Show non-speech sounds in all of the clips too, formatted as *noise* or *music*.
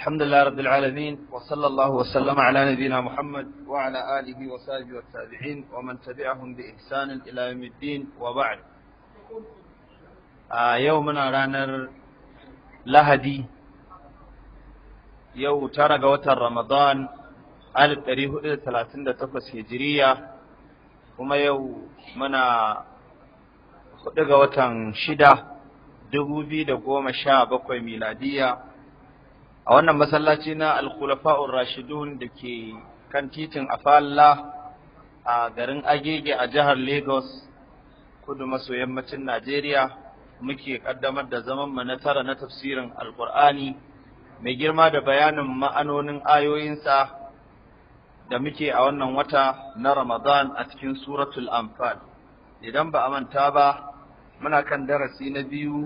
الحمد لله رب العالمين وصلى الله وسلم على نبينا محمد وعلى آله وصحبه والتابعين ومن تبعهم بإحسان إلى يوم الدين وبعد آه يومنا رانر لهدي يو ترى وتر رمضان ألف تاريخ ثلاثين تقص هجرية وما يو منا خدق وتن شدة دبوبي دقوم شابق ميلادية a wannan masallaci na alkhulafa'ur rashidun da ke kan titin afalla a garin agege a jihar lagos kudu maso yammacin najeriya muke kaddamar da zaman mu na tara na tafsirin alkur'ani mai girma da bayanin ma'anonin ayoyinsa da muke a wannan wata na ramadan a cikin suratul anfal idan ba a manta ba muna kan darasi na biyu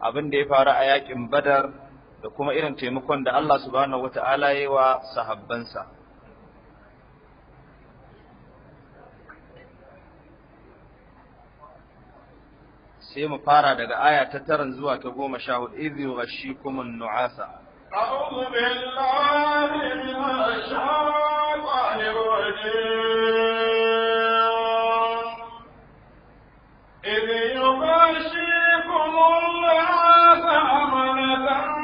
abin da ya faru a yakin badar da kuma irin taimakon da Allah subhanahu wata'ala ya yi wa sahabbansa sai mu fara daga aya ta taran zuwa ta goma sha hudu idh yughashshikum an-nu'asa أعوذ بالله من الشيطان الرجيم إذ يغشيكم النعاس أمنة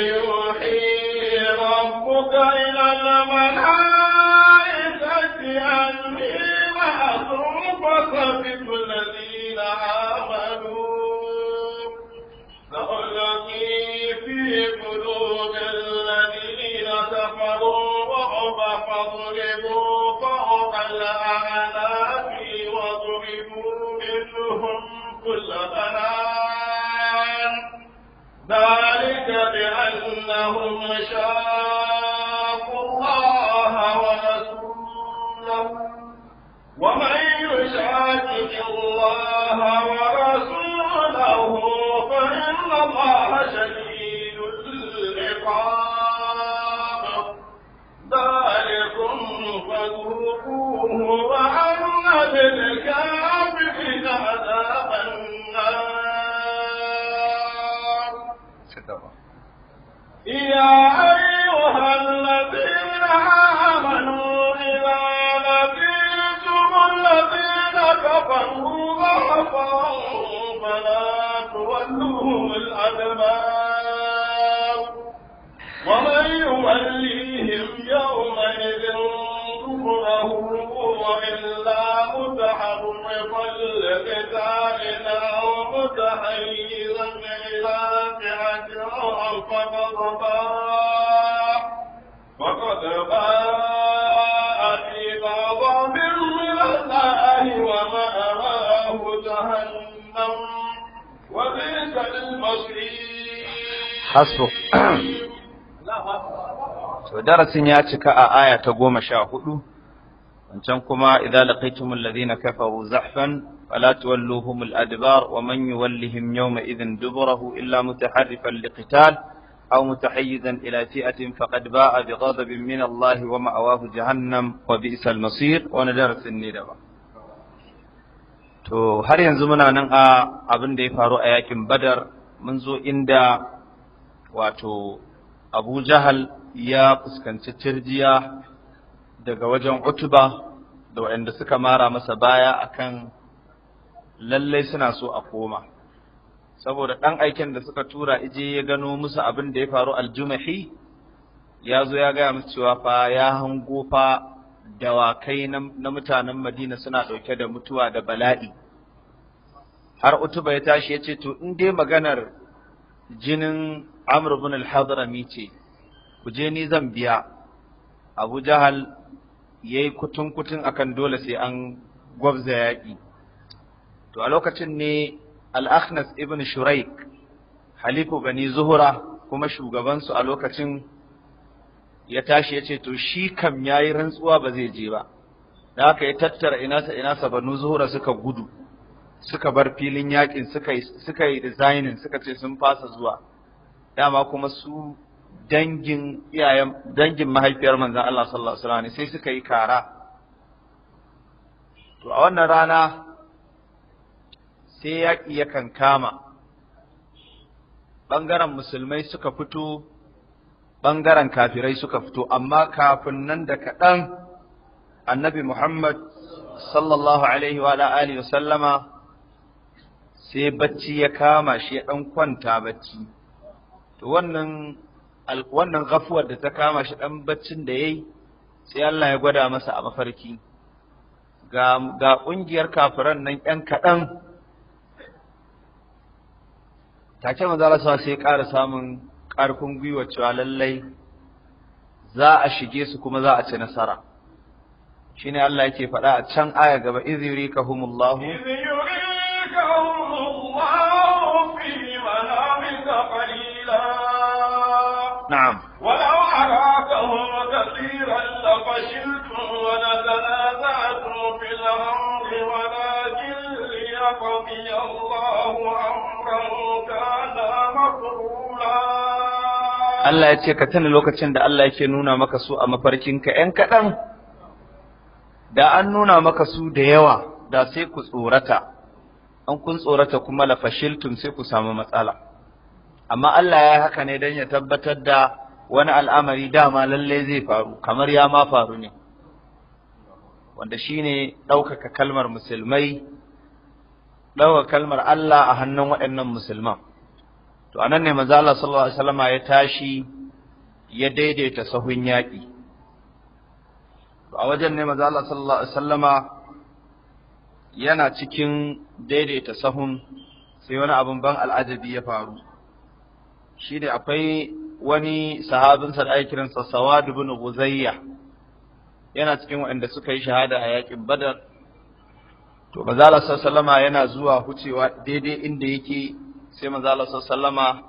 يوحي ربك إلى الملائكة أني مأذوبك بالذين آمنوا سألقي في قلوب الذين كفروا رعب فاضربوا فوق الأعناق وضربوا منهم كل بنات ذلك بأنهم شاقوا الله ورسوله ومن يشاكك الله ورسوله فإن الله شديد العقاب ذلكم فذوقوه وأن بالكافرين عذاب النار الدورة يا أيها الذين آمنوا إذا لقيتم الذين كفروا ضعفا فلا تولوهم الأدبار ومن يوليهم يومئذ دبره إلا متحرفا لقتال أو متحيزا إلى فئة أو فقد باع فقد باع بغضب من الله ومأواه جهنم وبئس المصير حسبك to darasin ya cika a aya ta goma sha hudu wancan kuma idza laqaytum alladhina kafaru zahfan fala tuwalluhum al-adbar wa man yuwallihim yawma idhin duburahu illa mutaharrifan liqital أو متحيزا ba'a فئة فقد باء wa من الله ومأواه جهنم masir المصير وندرس الندبة to har yanzu muna nan a abin da ya faru a yakin badar mun zo inda wato abu jahal ya fuskanci tirjiya daga wajen utuba da waɗanda suka mara masa baya akan lallai suna so a koma saboda ɗan aikin da suka tura ije ya gano musu abin da ya faru aljumahi ya zo ya gaya musu cewa fa ya hango fa dawakai na mutanen madina suna ɗauke da mutuwa da bala'i har utuba ya tashi ya ce to in dai maganar jinin amr ibn al-hadrami ce ku je ni zan biya abu jahal yayi kutun kutun akan dole sai an gwabza yaki to a lokacin ne al-akhnas ibn shuraik halifu bani zuhura kuma shugabansu a lokacin ya tashi ya ce to shi kam yayi rantsuwa ba zai je ba da haka ya tattara ina inasa banu zuhra suka gudu suka bar filin yakin suka yi suka yi designing suka ce sun fasa zuwa dama kuma su dangin iyayen dangin mahaifiyar manzon Allah sallallahu alaihi wasallam sai suka yi kara to a wannan rana sai yaƙi yakan kama Bangaren musulmai suka fito bangaren kafirai suka fito amma kafin nan da kaɗan annabi Muhammad sallallahu alaihi wa alihi wasallama sai bacci ya kama shi ya ɗan kwanta bacci to wannan wannan gafuwar da ta kama shi dan baccin da yayi sai Allah ya gwada masa a mafarki ga ƙungiyar kungiyar kafiran nan yan kadan take manzo sa sai ƙara samun ƙarfin gwiwa cewa lallai za a shige su kuma za a ci nasara shine Allah yake faɗa a can aya gaba idh yurikahumullahu نعم ولو حراكهم كثيرا لفشلتم ولتنازعتم في الأمر ولكن ليقضي الله أمرا كان مفعولا Allah ya ce ka tana lokacin da Allah yake nuna maka su a mafarkinka ‘yan kaɗan, da an nuna maka su da yawa, da sai ku tsorata, an kun tsorata kuma lafashiltum sai ku samu matsala. amma Allah ya haka ne don ya tabbatar da wani al'amari dama lalle zai faru kamar ya ma faru ne wanda shi ne ɗaukaka kalmar musulmai ɗaukaka kalmar Allah a hannun waɗannan musulman to a nan ne maza Allah sallallahu alaihi wasallama ya tashi ya daidaita sahun yaƙi a wajen ne maza Allah sallallahu alaihi yana cikin daidaita sahun sai wani abin ban al'ajabi ya faru ne akwai wani sahabinsa da ake kiransa Sawad ibn yana cikin waɗanda suka yi shahada a yakin Badar to manzo Allah sallama yana zuwa hucewa daidai inda yake sai manzo Allah sallama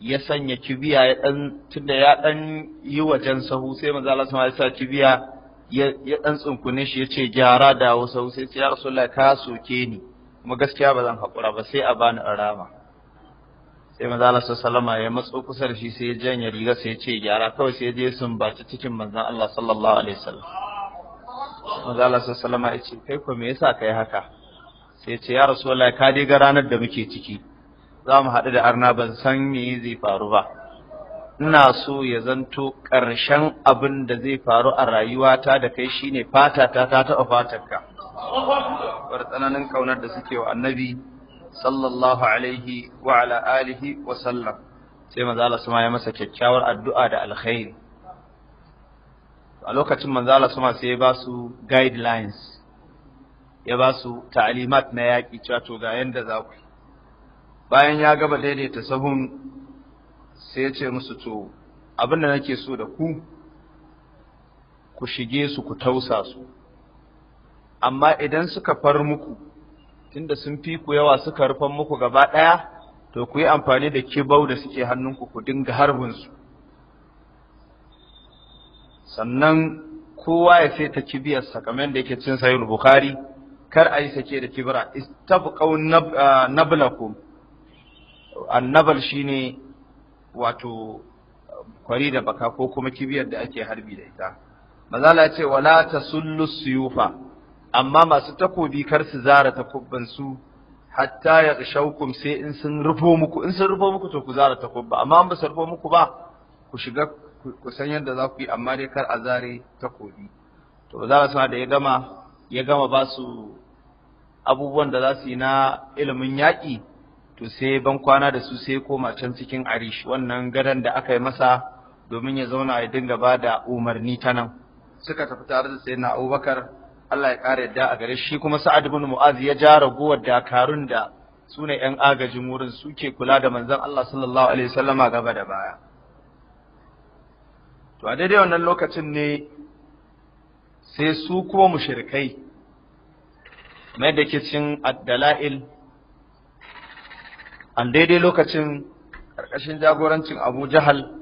ya sanya kibiya ya dan tunda ya dan yi wajen sahu sai manzo Allah sallama ya sa kibiya ya dan tsunkune shi yace gyara da wasu sai ya rasulullahi ka soke ni kuma gaskiya ba zan hakura ba sai a bani arama sai manzo Allah ya matso kusa da shi sai ya janye riga sai ya ce gyara kawai sai ya je sun baci cikin manzon Allah sallallahu alaihi wasallam manzo Allah ya ce kai ko me yasa kai haka sai ya ce ya rasulullahi ka dai ga ranar da muke ciki za mu haɗu da arna ban san me zai faru ba ina so ya zanto ƙarshen abin da zai faru a rayuwata da kai shine fata ta ta taɓa fatarka bar tsananin ƙaunar da suke wa annabi sallallahu alaihi wa ala alihi wa sallam sai manzo Allah sama ya masa kyakkyawar addu'a da alkhairi a lokacin manzo Allah sama sai ya ba su guidelines ya ba su ta'limat na yaki cewa to ga yanda za ku bayan ya gaba daidaita sahun sai ya ce musu to abin da nake so da ku ku shige su ku tausa su amma idan suka far muku tunda sun fi ku yawa suka rufan muku gaba ɗaya to ku yi amfani da kibau da suke hannunku ku dinga harbin su. sannan kowa ya sai ta kibiyarsa kamar da yake cin sayin bukhari kar a yi sake da kibira istabqau nablakum annabal shine wato kwari da baka ko kuma kibiyar da ake harbi da ita mazala ce wala tasullu suyufa amma masu takobi kar su zara takubban su hatta ya shaukum sai in sun rufo muku in sun rufo muku to ku zara takobba. amma in ba su rufo muku ba ku shiga ku san yadda za ku yi amma dai kar a zare takobi to za suna da ya gama ya gama ba su abubuwan da za su yi na ilimin yaƙi to sai ban kwana da su sai koma can cikin arish wannan gadon da aka yi masa domin ya zauna ya dinga ba da umarni ta nan suka tafi tare da na abubakar Allah ya ƙara yadda a gare shi kuma Sa'ad ibn Mu'az ya ja ragowar dakarun da suna ne ‘yan agajin wurin suke kula da manzan. Allah sallallahu Alaihi wasallama gaba da baya. To, a daidai wannan lokacin ne sai su kuma mushirikai, mai da cin addala'il, a daidai lokacin ƙarƙashin jagorancin Abu Jahal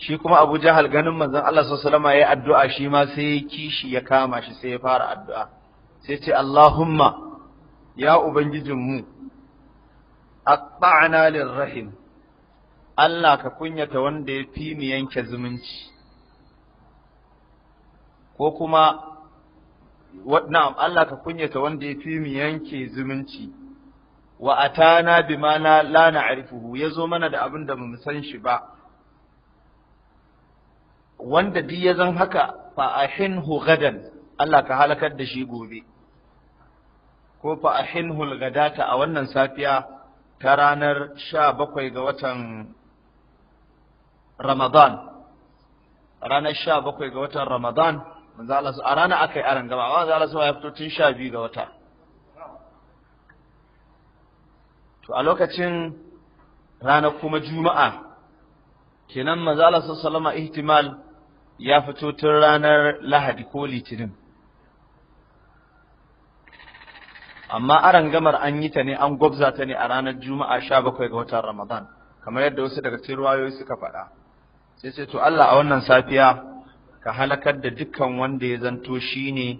shi kuma Abu Jahal ganin manzon Allah sallallahu alaihi wasallam addu'a shi ma sai ya kishi ya kama shi sai ya fara addu'a sai ce Allahumma ya mu aqta'na lirrahim Allah ka kunyata wanda ya fi mu yanke zumunci ko kuma na'am Allah ka kunyata wanda ya fi mu yanke zumunci wa atana bima la na'rifuhu yazo mana da abin da bamu san shi ba wanda duk ya zan haka fa'ahinhu gadan Allah ka halakar da shi gobe ko fa'ahinhu gadata a wannan safiya ta ranar sha bakwai ga watan Ramadan ranar sha bakwai ga watan Ramadan a rana aka yi aran gaba amma manzo Allah ya fito tun sha biyu ga wata to a lokacin ranar kuma juma'a kenan maza Allah sallallahu alaihi ihtimal ya fito tun ranar lahadi ko litinin amma aran gamar an yi ta ne an gwabza ta ne a ranar juma'a sha bakwai ga watan ramadan kamar yadda wasu daga cikin ruwayoyi suka faɗa sai sai to Allah a wannan safiya ka halakar da dukkan wanda ya zanto shi ne,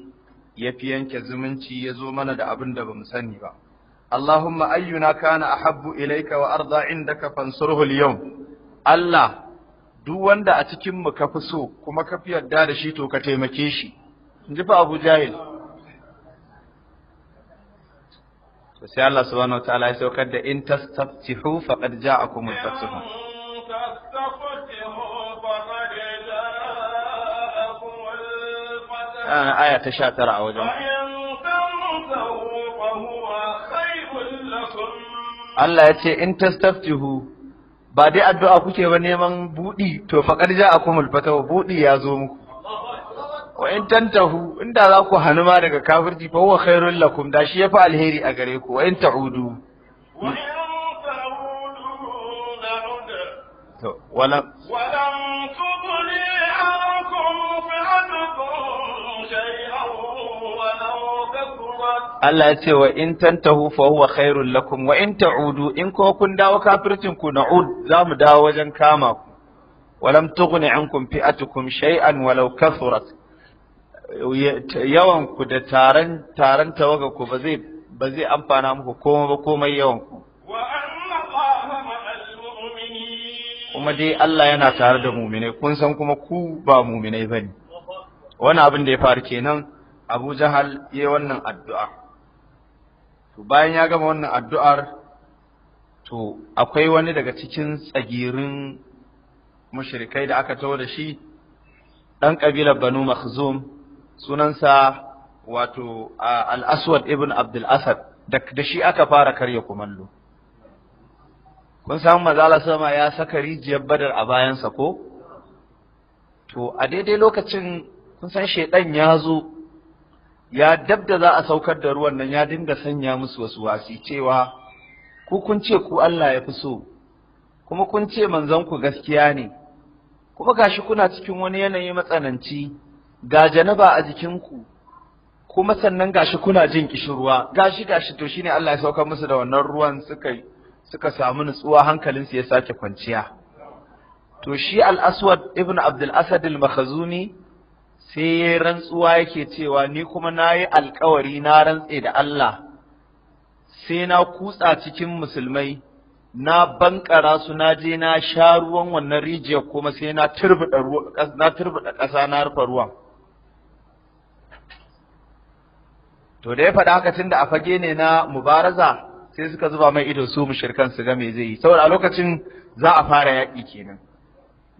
ya fi yanke zumunci ya zo mana da abin da bamu sani ba Allahumma ayyuna kana ahabbu ilayka wa arda indaka fansurhu al-yawm Allah duk wanda a cikin mu ka fi so kuma ka fi yarda da shi to ka taimake shi in ji fa Abu Jahil to sai Allah subhanahu ta'ala ya saukar da in tastaftihu faqad al fathu ah, aya ta sha tara a wajen Allah ya ce in tastaftihu ba dai addu'a kuke ba neman buɗi to faƙar ja akumul wa buɗi ya zo muku wa in tantahu inda za ku hannu ma daga kafirci fa huwa khairul lakum da shi yafi alheri a gare ku wa in ta'udu to wala tubli ankum shay'a Allah ya ce wa in tantahu fa huwa khairul lakum wa in ta'udu in ko kun dawo kafircin ku na'ud za mu dawo wajen kama ku walam tughni ankum fi'atukum shay'an walau kathurat yawan ku da taran taran tawaga ku ba zai ba zai amfana muku komai ba komai yawan ku kuma dai Allah yana tare da muminai kun san kuma ku ba muminai bane wani abin da ya faru kenan Abu Jahal yi wannan addu'a to bayan ya gama wannan addu'ar to akwai wani daga cikin tsagirin mushrikai da aka tawo da shi ɗan ƙabilar Banu Makhzum sunansa wato al ibn Abdul Asad da shi aka fara karya kumallo kun samu mazala sama ya saka rijiyar badar a bayansa ko to a daidai lokacin kun san shaidan ya zo ya dab da za a saukar da ruwan nan ya dinga sanya musu wasu wasi cewa ku kun ce ku Allah ya fi so kuma kun ce manzon ku gaskiya ne kuma gashi kuna cikin wani yanayi matsananci ga janaba a jikinku kuma sannan gashi kuna jin kishirwa gashi gashi to shine Allah ya saukar musu da wannan ruwan suka suka samu nutsuwa su ya sake kwanciya to shi al-aswad ibn abdul asad al-makhzumi sai ya rantsuwa yake cewa ni kuma na yi alkawari na rantse da Allah sai na kutsa cikin musulmai na bankara su na je na sha ruwan wannan rijiyar kuma sai na turbuɗa ƙasa na rufe ruwan to da ya faɗa haka da a fage ne na mubaraza sai suka zuba mai ido su mu shirkan su ga me zai yi saboda a lokacin za a fara yaƙi kenan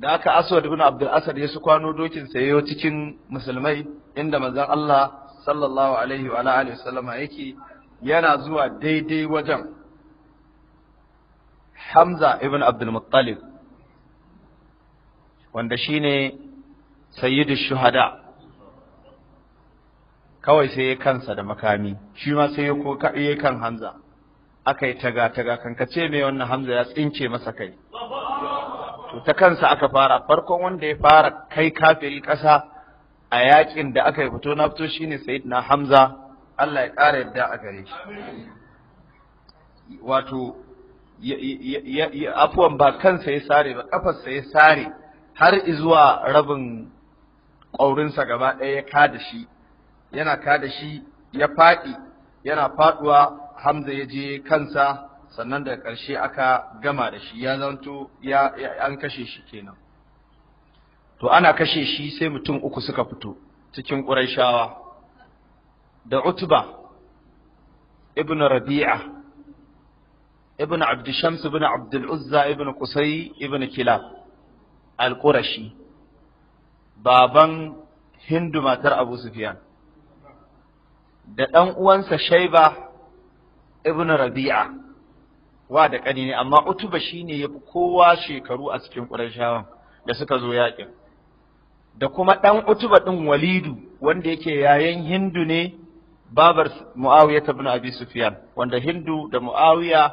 da aka aswad ibn abdul asad ya su kwano dokin sayo cikin musulmai inda manzon Allah sallallahu alaihi wa alihi sallama yake yana zuwa daidai wajen Hamza ibn Abdul Muttalib wanda shine sayyidu shuhada kawai sai ya kansa da makami shi ma sai ya ko kan Hamza aka yi taga taga kankace mai wannan Hamza ya tsince masa kai to ta kansa aka fara farkon wanda ya fara kai kafiri ƙasa a yakin da aka yi fito na fito shine sayyidina hamza Allah ya ƙara yadda a gare shi wato afuwan ba kansa ya sare ba ƙafarsa ya sare har izuwa rabin ƙaurinsa gaba ɗaya ya kada shi yana kada shi ya faɗi yana faɗuwa hamza ya je kansa sannan da ƙarshe aka gama da shi ya zanto ya an kashe shi kenan to ana kashe shi sai mutum uku suka fito cikin ƙurayshawa da utba ibn rabi'a ibn abd shams ibn abd al-uzza ibn qusay ibn kilab al-qurashi baban hindu matar abu sufyan da ɗan uwansa shaiba ibn rabi'a wa da ƙani ne amma utuba ya fi kowa shekaru a cikin ƙurashawan da suka zo yaƙin da kuma ɗan utuba ɗin walidu wanda yake yayan hindu ne babar muawiya ta bin abi Sufiyan, wanda hindu da muawiya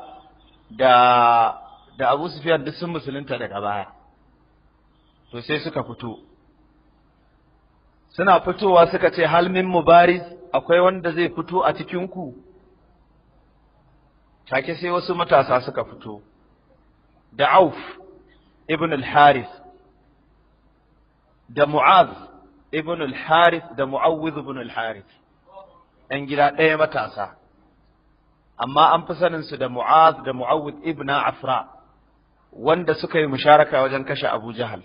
da abu Sufiyan duk sun musulunta daga baya to sai suka fito suna fitowa suka ce halmin mubariz akwai wanda zai fito a cikinku take sai wasu matasa suka fito da Auf ibn al-Harith da Mu'az ibn al-Harith da Mu'awwiz ibn al-Harith ɗan gida ɗaya matasa amma an fi sanin su da Mu'az da Mu'awwiz ibn Afra wanda suka yi musharaka wajen kashe Abu Jahal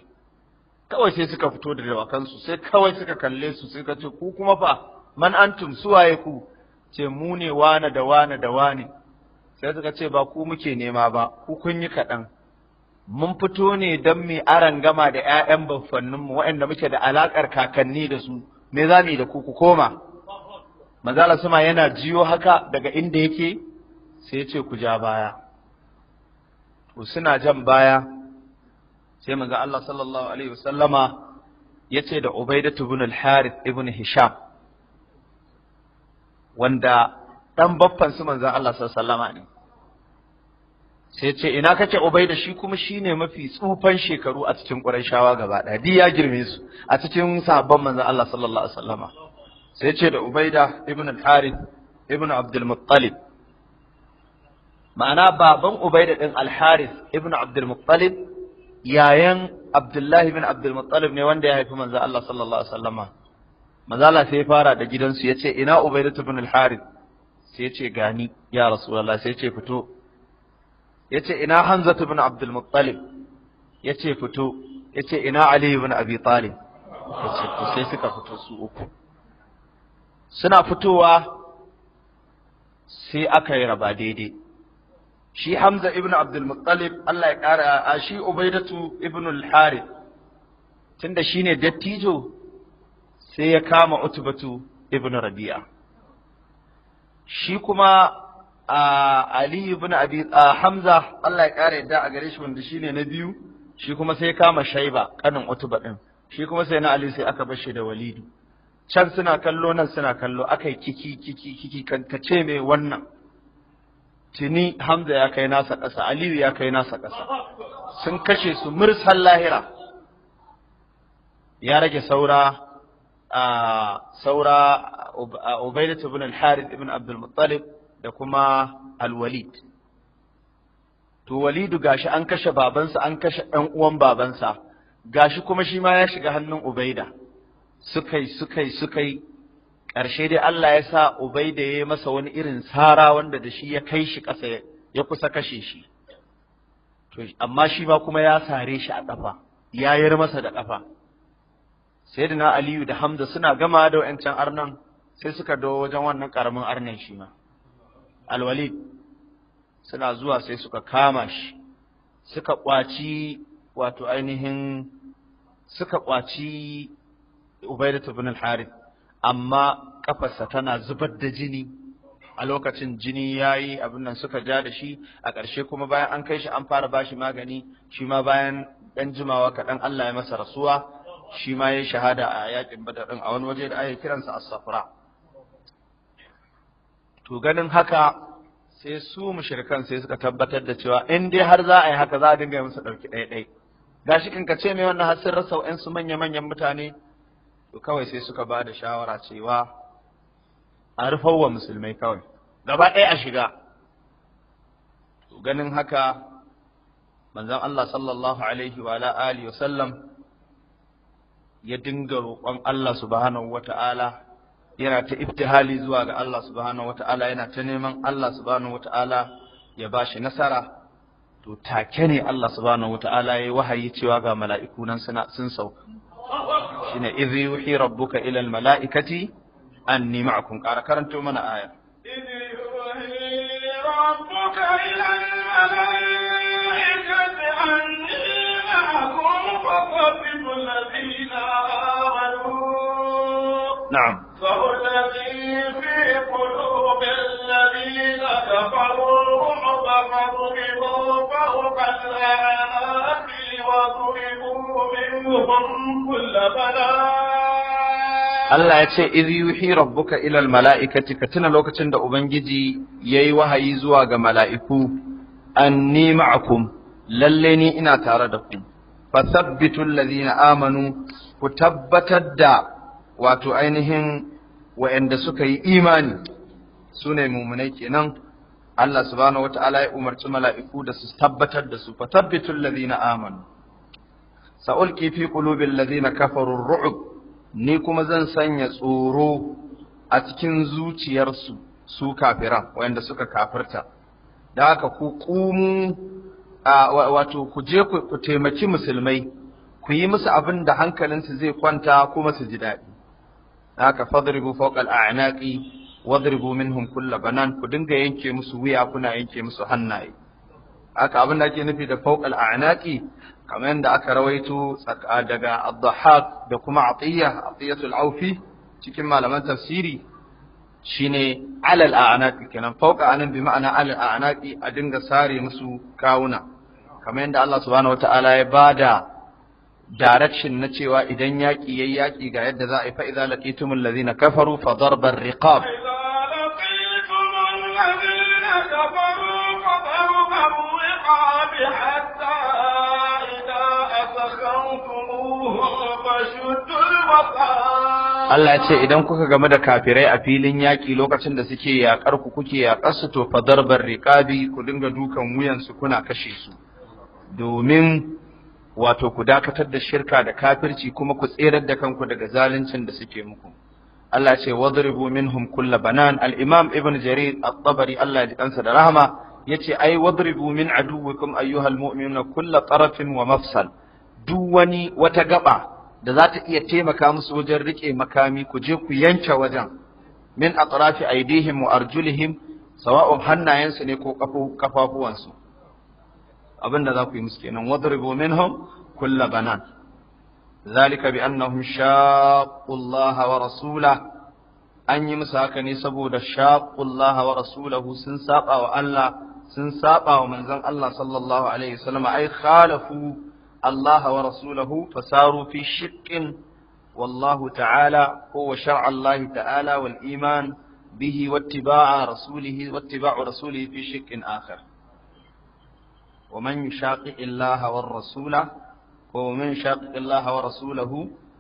kawai sai suka fito da dawakansu sai kawai suka kalle su suka ce ku kuma fa man antum suwaye ku ce mu ne wane da wane da wane sai suka ce ba ku muke nema ba ku kun yi kaɗan mun fito ne don mai aran gama da 'ya'yan baffanninmu waɗanda muke da alaƙar kakanni da su me za mu da ku ku koma manzala suma yana jiyo haka daga inda yake sai ya ce ku ja baya to suna jan baya sai manzo Allah sallallahu alaihi wasallama yace da Ubaidah ibn al-Harith ibn Hisham wanda dan baffan su manzo Allah sallallahu alaihi wasallama ne sai ce ina kake ubaida shi kuma shine mafi tsufan shekaru a cikin qurayshawa gaba daya di ya girme su a cikin sahabban manzon Allah sallallahu alaihi wasallama sai ce da ubaida ibn al-harith ibn abdul muttalib ma'ana baban ubaida din al-harith ibn abdul muttalib yayan abdullahi ibn abdul muttalib ne wanda ya haifi manzon Allah sallallahu alaihi wasallama manzon sai ya fara da gidansu yace ina ubaida ibn al-harith sai ya ce gani ya rasulullah sai ya ce fito yace ina Hamza ibn Abdul Muttalib yace fito yace ina Ali ibn Abi Talib yace to sai suka fito su uku suna fitowa sai aka yi raba daidai shi Hamza ibn Abdul Muttalib Allah ya kara a shi Ubaidatu ibn al-Harith tunda shine dattijo sai ya kama Utbatu ibn Rabi'a shi kuma Ali ibn Abi Hamza Allah ya kare yadda a gare shi wanda shine na biyu shi kuma sai kama Shaiba kanin Utba din shi kuma sai na Ali sai aka bar shi da Walidu can suna kallo nan suna kallo akai kiki kiki kiki ce mai wannan tini Hamza ya kai nasa ƙasa Aliyu ya kai nasa ƙasa sun kashe su mursan lahira ya rage saura saura ubaidatu ibn al-Harith ibn Abdul Muttalib da kuma alwalid to walidu gashi an kashe babansa an kashe ɗan uwan babansa gashi kuma shi ma ya shiga hannun ubaida sukai sukai sukai ƙarshe dai Allah ya sa ubaida ya yi masa wani irin sara wanda da shi ya kai shi ƙasa ya kusa kashe shi to amma shi ma kuma ya sare shi a ƙafa ya yi masa da ƙafa sayyidina aliyu da hamza suna gama da wa'ancan arnan sai suka dawo wajen wannan ƙaramin arnan shi ma alwalid suna zuwa sai suka kama shi suka kwaci wato ainihin suka kwaci ubaidat ibn al-harith amma kafarsa tana zubar da jini a lokacin jini yayi abin nan suka ja da shi a ƙarshe kuma bayan an kai shi an fara bashi magani shi ma bayan dan jimawa kaɗan Allah ya masa rasuwa shi ma ya shahada a yakin badar a wani waje da ake kiransa as-safra to ganin haka sai su mushrikan sai suka tabbatar da cewa in dai har za a yi haka za a dinga musu ɗauki ɗai-ɗai, gashi in ka ce mai wannan har sun rasa su manya-manyan mutane to kawai sai suka ba da shawara cewa a wa musulmai kawai gaba ɗaya a shiga to ganin haka manzon Allah sallallahu alaihi wa ala alihi ya dinga roƙon Allah subhanahu wata'ala yana ta ibtihali zuwa ga Allah subhanahu wata'ala yana ta neman Allah subhanahu wata'ala ya bashi nasara to take ne Allah subhanahu wata'ala ya wahayi cewa ga mala'iku nan sun sauka shine idh yuhi rabbuka ila al mala'ikati anni ma'akum ƙara karanto mana aya idh yuhi rabbuka ila al mala'ikati anni ma'akum faqatil ladina نعم فهو الذي في قلوب الذين كفروا الرعب فضربوا فوق وضربوا منهم كل بلاء Allah ya ce, "Iz yuhi rabbuka ilal mala'ikati, ka tuna lokacin da Ubangiji ya yi wahayi zuwa ga mala'iku, an ni ma'akum, lalle ni ina tare da ku, fasabbitu lazina amanu, ku tabbatar da wato ainihin wa'anda suka yi imani su ne mumunai kenan Allah subhanahu wata'ala ya umarci mala'iku da su tabbatar da su fa tabbitul ladina amanu Sa'ul fi qulubil ladina kafaru ru'ub ni kuma zan sanya tsoro a cikin zuciyarsu su kafiran wa'anda suka kafirta da haka ku kumu wato ku je ku taimaki musulmai ku yi musu abin da hankalinsu zai kwanta kuma su ji daɗi haka fadribu fawqa al-a'naqi wadribu minhum kulla banan ku dinga yanke musu wuya kuna yanke musu hannaye haka abin da ake nufi da fawqa a anaqi kamar yadda aka rawaito daga ad da kuma atiyya atiyatul aufi cikin malaman tafsiri shine alal a'naqi kenan fawqa anan bi ma'ana alal a'naqi a dinga sare musu kawuna kamar yadda Allah subhanahu wata'ala ya bada direction na cewa idan yaƙi yayi yaƙi ga yadda za a yi fa idza laqitumul ladhina kafaru fa darbar riqab Allah ya ce idan kuka game da kafirai a filin yaƙi lokacin da suke yaƙar ku kuke yaƙar su to fadarbar riƙabi ku dinga dukan wuyansu kuna kashe su domin wato ku dakatar da shirka da kafirci kuma ku tserar da kanku daga zaluncin da suke muku Allah ce wadribu minhum kulla banan al-imam ibn jarir at-tabari Allah ya kansa da rahama yace ai wadribu min aduwikum ayyuhal mu'minuna kulla tarafin wa mafsal duk wani wata gaba da za ta iya taimaka musu wajen rike makami ku je ku yanke wajen min atrafi aidihim wa arjulihim sawa'un hannayensu ne ko kafafuwansu abinda za ku yi musu kenan wadribu minhum kulla banan zalika bi annahum shaqqu Allah wa rasulah an yi musu haka ne saboda shaqqu Allah wa rasulahu sun saba wa Allah sun saba wa manzon Allah sallallahu alaihi wasallam ai khalafu Allah wa rasulahu fasaru fi shiqqin والله تعالى هو شرع الله تعالى والإيمان به واتباع رسوله واتباع رسوله في شك آخر ومن يشاقق الله ورسوله ومن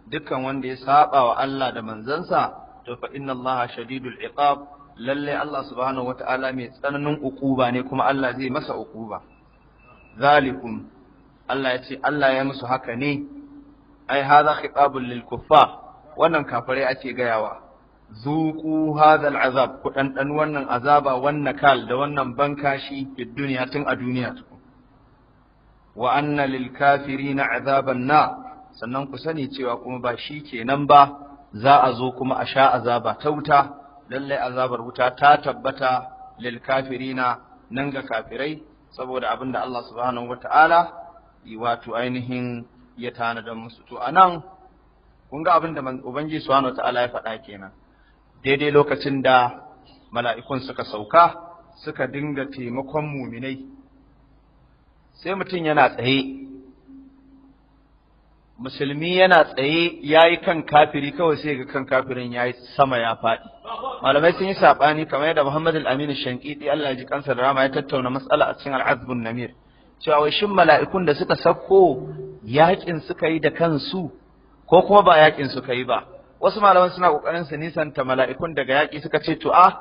dukkan wanda ya saɓa wa Allah da manzansa to inna Allah shadidul iqab lalle Allah subhanahu wata'ala mai tsananin ukuba ne kuma Allah zai masa ukuba zalikum Allah ya ce Allah ya musu haka ne ai hadha khitabul lil kuffar wannan kafare ake gayawa zuqu hadha al azab ku dan wannan azaba wannan kal da wannan bankashi a duniya tun a duniya wa anna lil kafirina azaban na sannan ku sani cewa kuma ba shi kenan ba za a zo kuma a sha azaba ta wuta lallai azabar wuta ta tabbata lil kafirina nan ga kafirai saboda abin da Allah subhanahu wata'ala wato ainihin ya tanadar musu to anan kun ga abin da ubangiji subhanahu wata'ala ya faɗa kenan daidai lokacin da mala'ikun suka sauka suka dinga taimakon muminai sai mutum yana tsaye musulmi yana tsaye ya yi kan kafiri kawai sai ga kan kafirin ya yi sama ya faɗi malamai sun yi saɓani kamar yadda muhammad al-aminu shankidi allah ji kansa da rama ya tattauna matsala a cikin al'azbun namir cewa wai shin mala'ikun da suka sako yaƙin suka yi da kansu ko kuma ba yaƙin suka yi ba wasu malaman suna ƙoƙarin su nisanta mala'ikun daga yaƙi suka ce to a ah,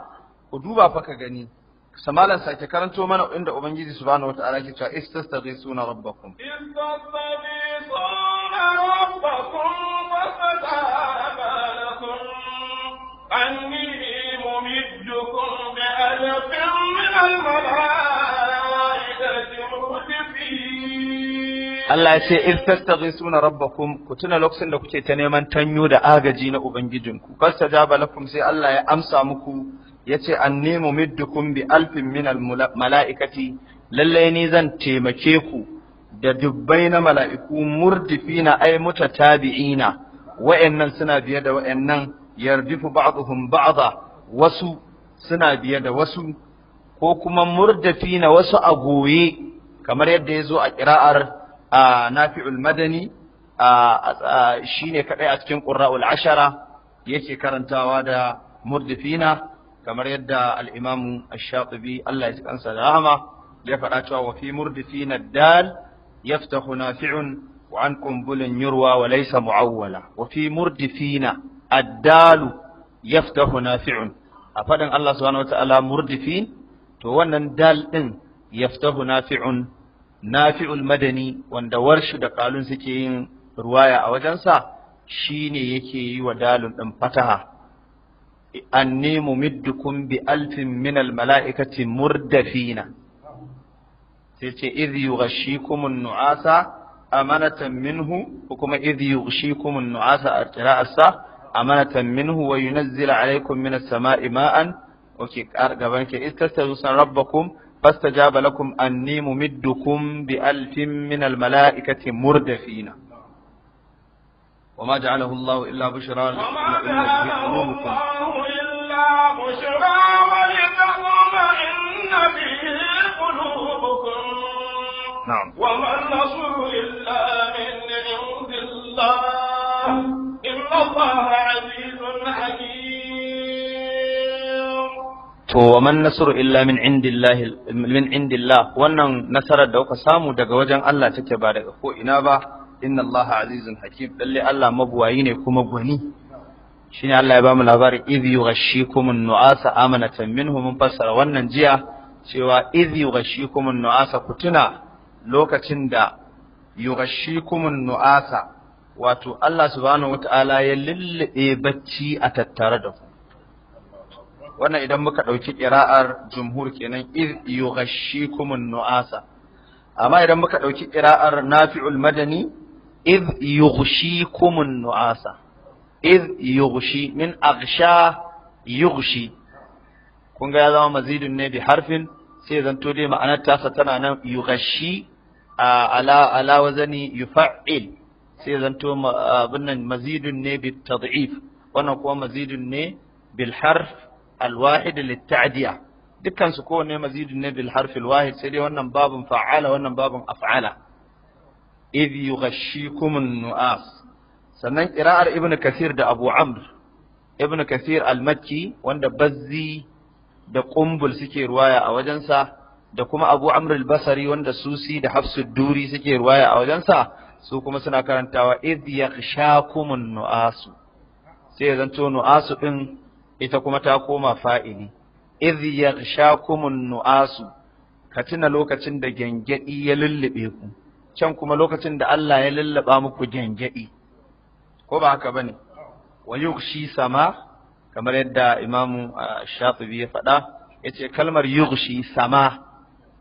ku duba fa ka gani samalan sake karanto mana inda ubangiji subhanahu wataala ke cewa istastaghisuna rabbakum istastaghisuna rabbakum fastajaba lakum anni mumiddukum bi alfin min al Allah ya ce in tastaghisuna rabbakum ku tuna lokacin da kuke ta neman tanyo da agaji na ubangijinku fastajaba lakum sai Allah ya amsa muku yace anni middukum bi alfin min malaikati lalle ni zan taimake ku da dubbai na mala'iku murdifina ay mutatabi'ina wa'annan suna biye da wa'annan yardifu ba'dhum ba'dha wasu suna biye da wasu ko kuma na wasu a goye kamar yadda ya zo a qira'ar nafi'ul madani shine kadai a cikin qurra'ul ashara yake karantawa da murdifina kamar yadda al-imamu ash Allah ya kansa da ya faɗa cewa wa fi murdifina dal huna nafi'un wa an qumbulin yurwa wa laysa mu'awwala wa fi murdifina ad-dalu huna nafi'un a faɗin Allah subhanahu wata'ala murdifin to wannan dal din yaftahu na nafi'ul madani wanda warshu da kalun suke yin ruwaya a wajensa shine yake yi wa dalun din fataha anni mumiddukum bi alfin min almala'ikati murdafina sai ce idh yughashshikum an-nu'asa amanatan minhu ko kuma idh yughashshikum an-nu'asa amanatan minhu wa yunazzilu alaykum min as-sama'i ma'an okay gaban ke istastazuna rabbakum fastajaba lakum anni mumiddukum bi alfin min almala'ikati murdafina وما جعله الله إلا بشرى وما جعله الله إلا بشرى ولتطمئن به قلوبكم نعم وما النصر إلا من عند الله إن الله عزيز حكيم to waman nasru illa min indillahi min indillah wannan nasarar da kuka samu daga wajen Allah take ba daga ko ina ba inna Allah azizun hakim lalle Allah mabuwayi ne kuma gwani shine Allah ya bamu labari idh yughashhikum an-nu'asa amanatan minhu mun fassara wannan jiya cewa idh yughashhikum an-nu'asa kutuna lokacin da yughashhikum nuasa wato Allah subhanahu wataala ya lullube bacci a tattare da ku wannan idan muka ɗauki ƙira'ar jumhur kenan idh yughashhikum nuasa amma idan muka ɗauki ƙira'ar nafi'ul madani iz yughshikumun nu'asa iz yughshi min aghsha yughshi kun ga ya zama mazidun ne bi harfin sai zanto dai ma'anar tasa tana nan yughashi ala ala wazani yufa'il sai zanto abin nan mazidun ne bi tad'if wannan kuma mazidun ne bil harf al wahid lit ta'diya dukkan mazidun ne sai wannan fa'ala wannan babun af'ala idh yughashshikum nu'as sannan ƙira'ar Ibn Kathir da abu amr ibnu kasir al-makki wanda bazzi da qumbul suke ruwaya a wajensa da kuma abu amr al wanda susi da hafsu duri suke ruwaya a wajensa su kuma suna karantawa idh yaghshakum nu'asu. sai ya zanto nu'asu din ita kuma ta koma fa'ili idh yaghshakum nu'asu ka tuna lokacin da gengedi ya lullube ku can kuma lokacin da Allah ya lallaba muku gyangyaɗi ko ba haka bane wa yughshi sama kamar yadda imamu shafi'i ya faɗa yace kalmar yughshi sama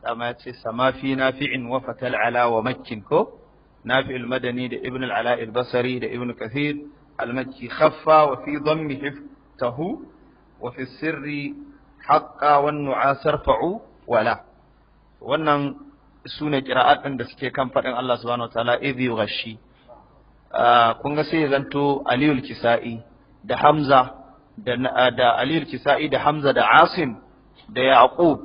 dama yace sama fi nafi'in wa fatal ala wa makkin ko nafi'ul madani da ibn al-ala al-basri da ibn kathir al-makki khaffa wa fi dhammi hiftahu wa fi sirri haqqa wan nu'asarfa'u wala wannan sune qira'at ɗin da suke kan faɗin, Allah subhanahu wataala idh yughashi ah, kun ga sai zanto Aliyu Kisa'i da Hamza da ah, da Aliyu Kisa'i da Hamza da Asim da Yaqub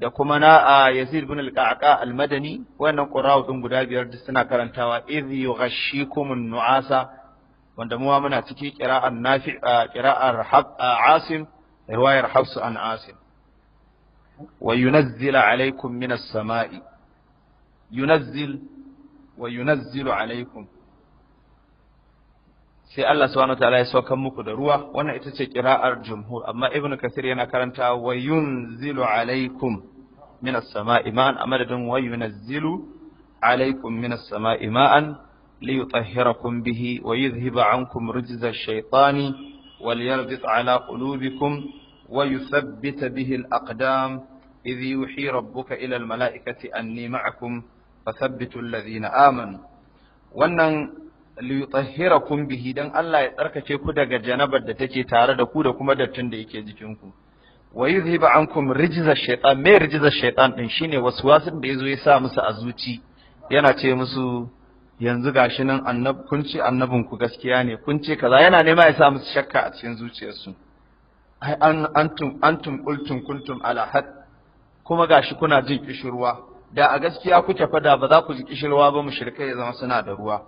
da kuma na ah, Yazid bin al-Qa'qa al-Madani wannan qura'u din guda biyar da suna karantawa idh yughashikumun nu'asa wanda muwa muna ciki qira'an Nafi qira'ar Asim riwayar Hafs an Asim وينزل عليكم من السماء ينزل وينزل عليكم سي الله سبحانه وتعالى يسوكم مكد روح وانا اتشي قراءة الجمهور اما ابن كثير ينا كرنتا وينزل عليكم من السماء ماء امرد وينزل عليكم من السماء ماء ليطهركم به ويذهب عنكم رجز الشيطان وليربط على قلوبكم ويثبت به الأقدام إذ يوحي ربك إلى الملائكة أني معكم fasabbitu allazina amanu wannan liyutahhirakum bihi dan Allah ya tsarkake ku daga janabar da take tare da ku da kuma dattin da yake jikin ku wa yuzhiba ankum rijza shaytan me rijza shaytan din shine waswasin da yazo ya sa musu a zuci yana ce musu yanzu gashi nan annab kun ce annabin ku gaskiya ne kun ce kaza yana nema ya sa musu shakka a cikin zuciyarsu ai antum antum qultum kuntum ala had kuma gashi kuna jin kishirwa da a gaskiya kuke fada ba za ku ji kishirwa ba mushrikai ya zama suna da ruwa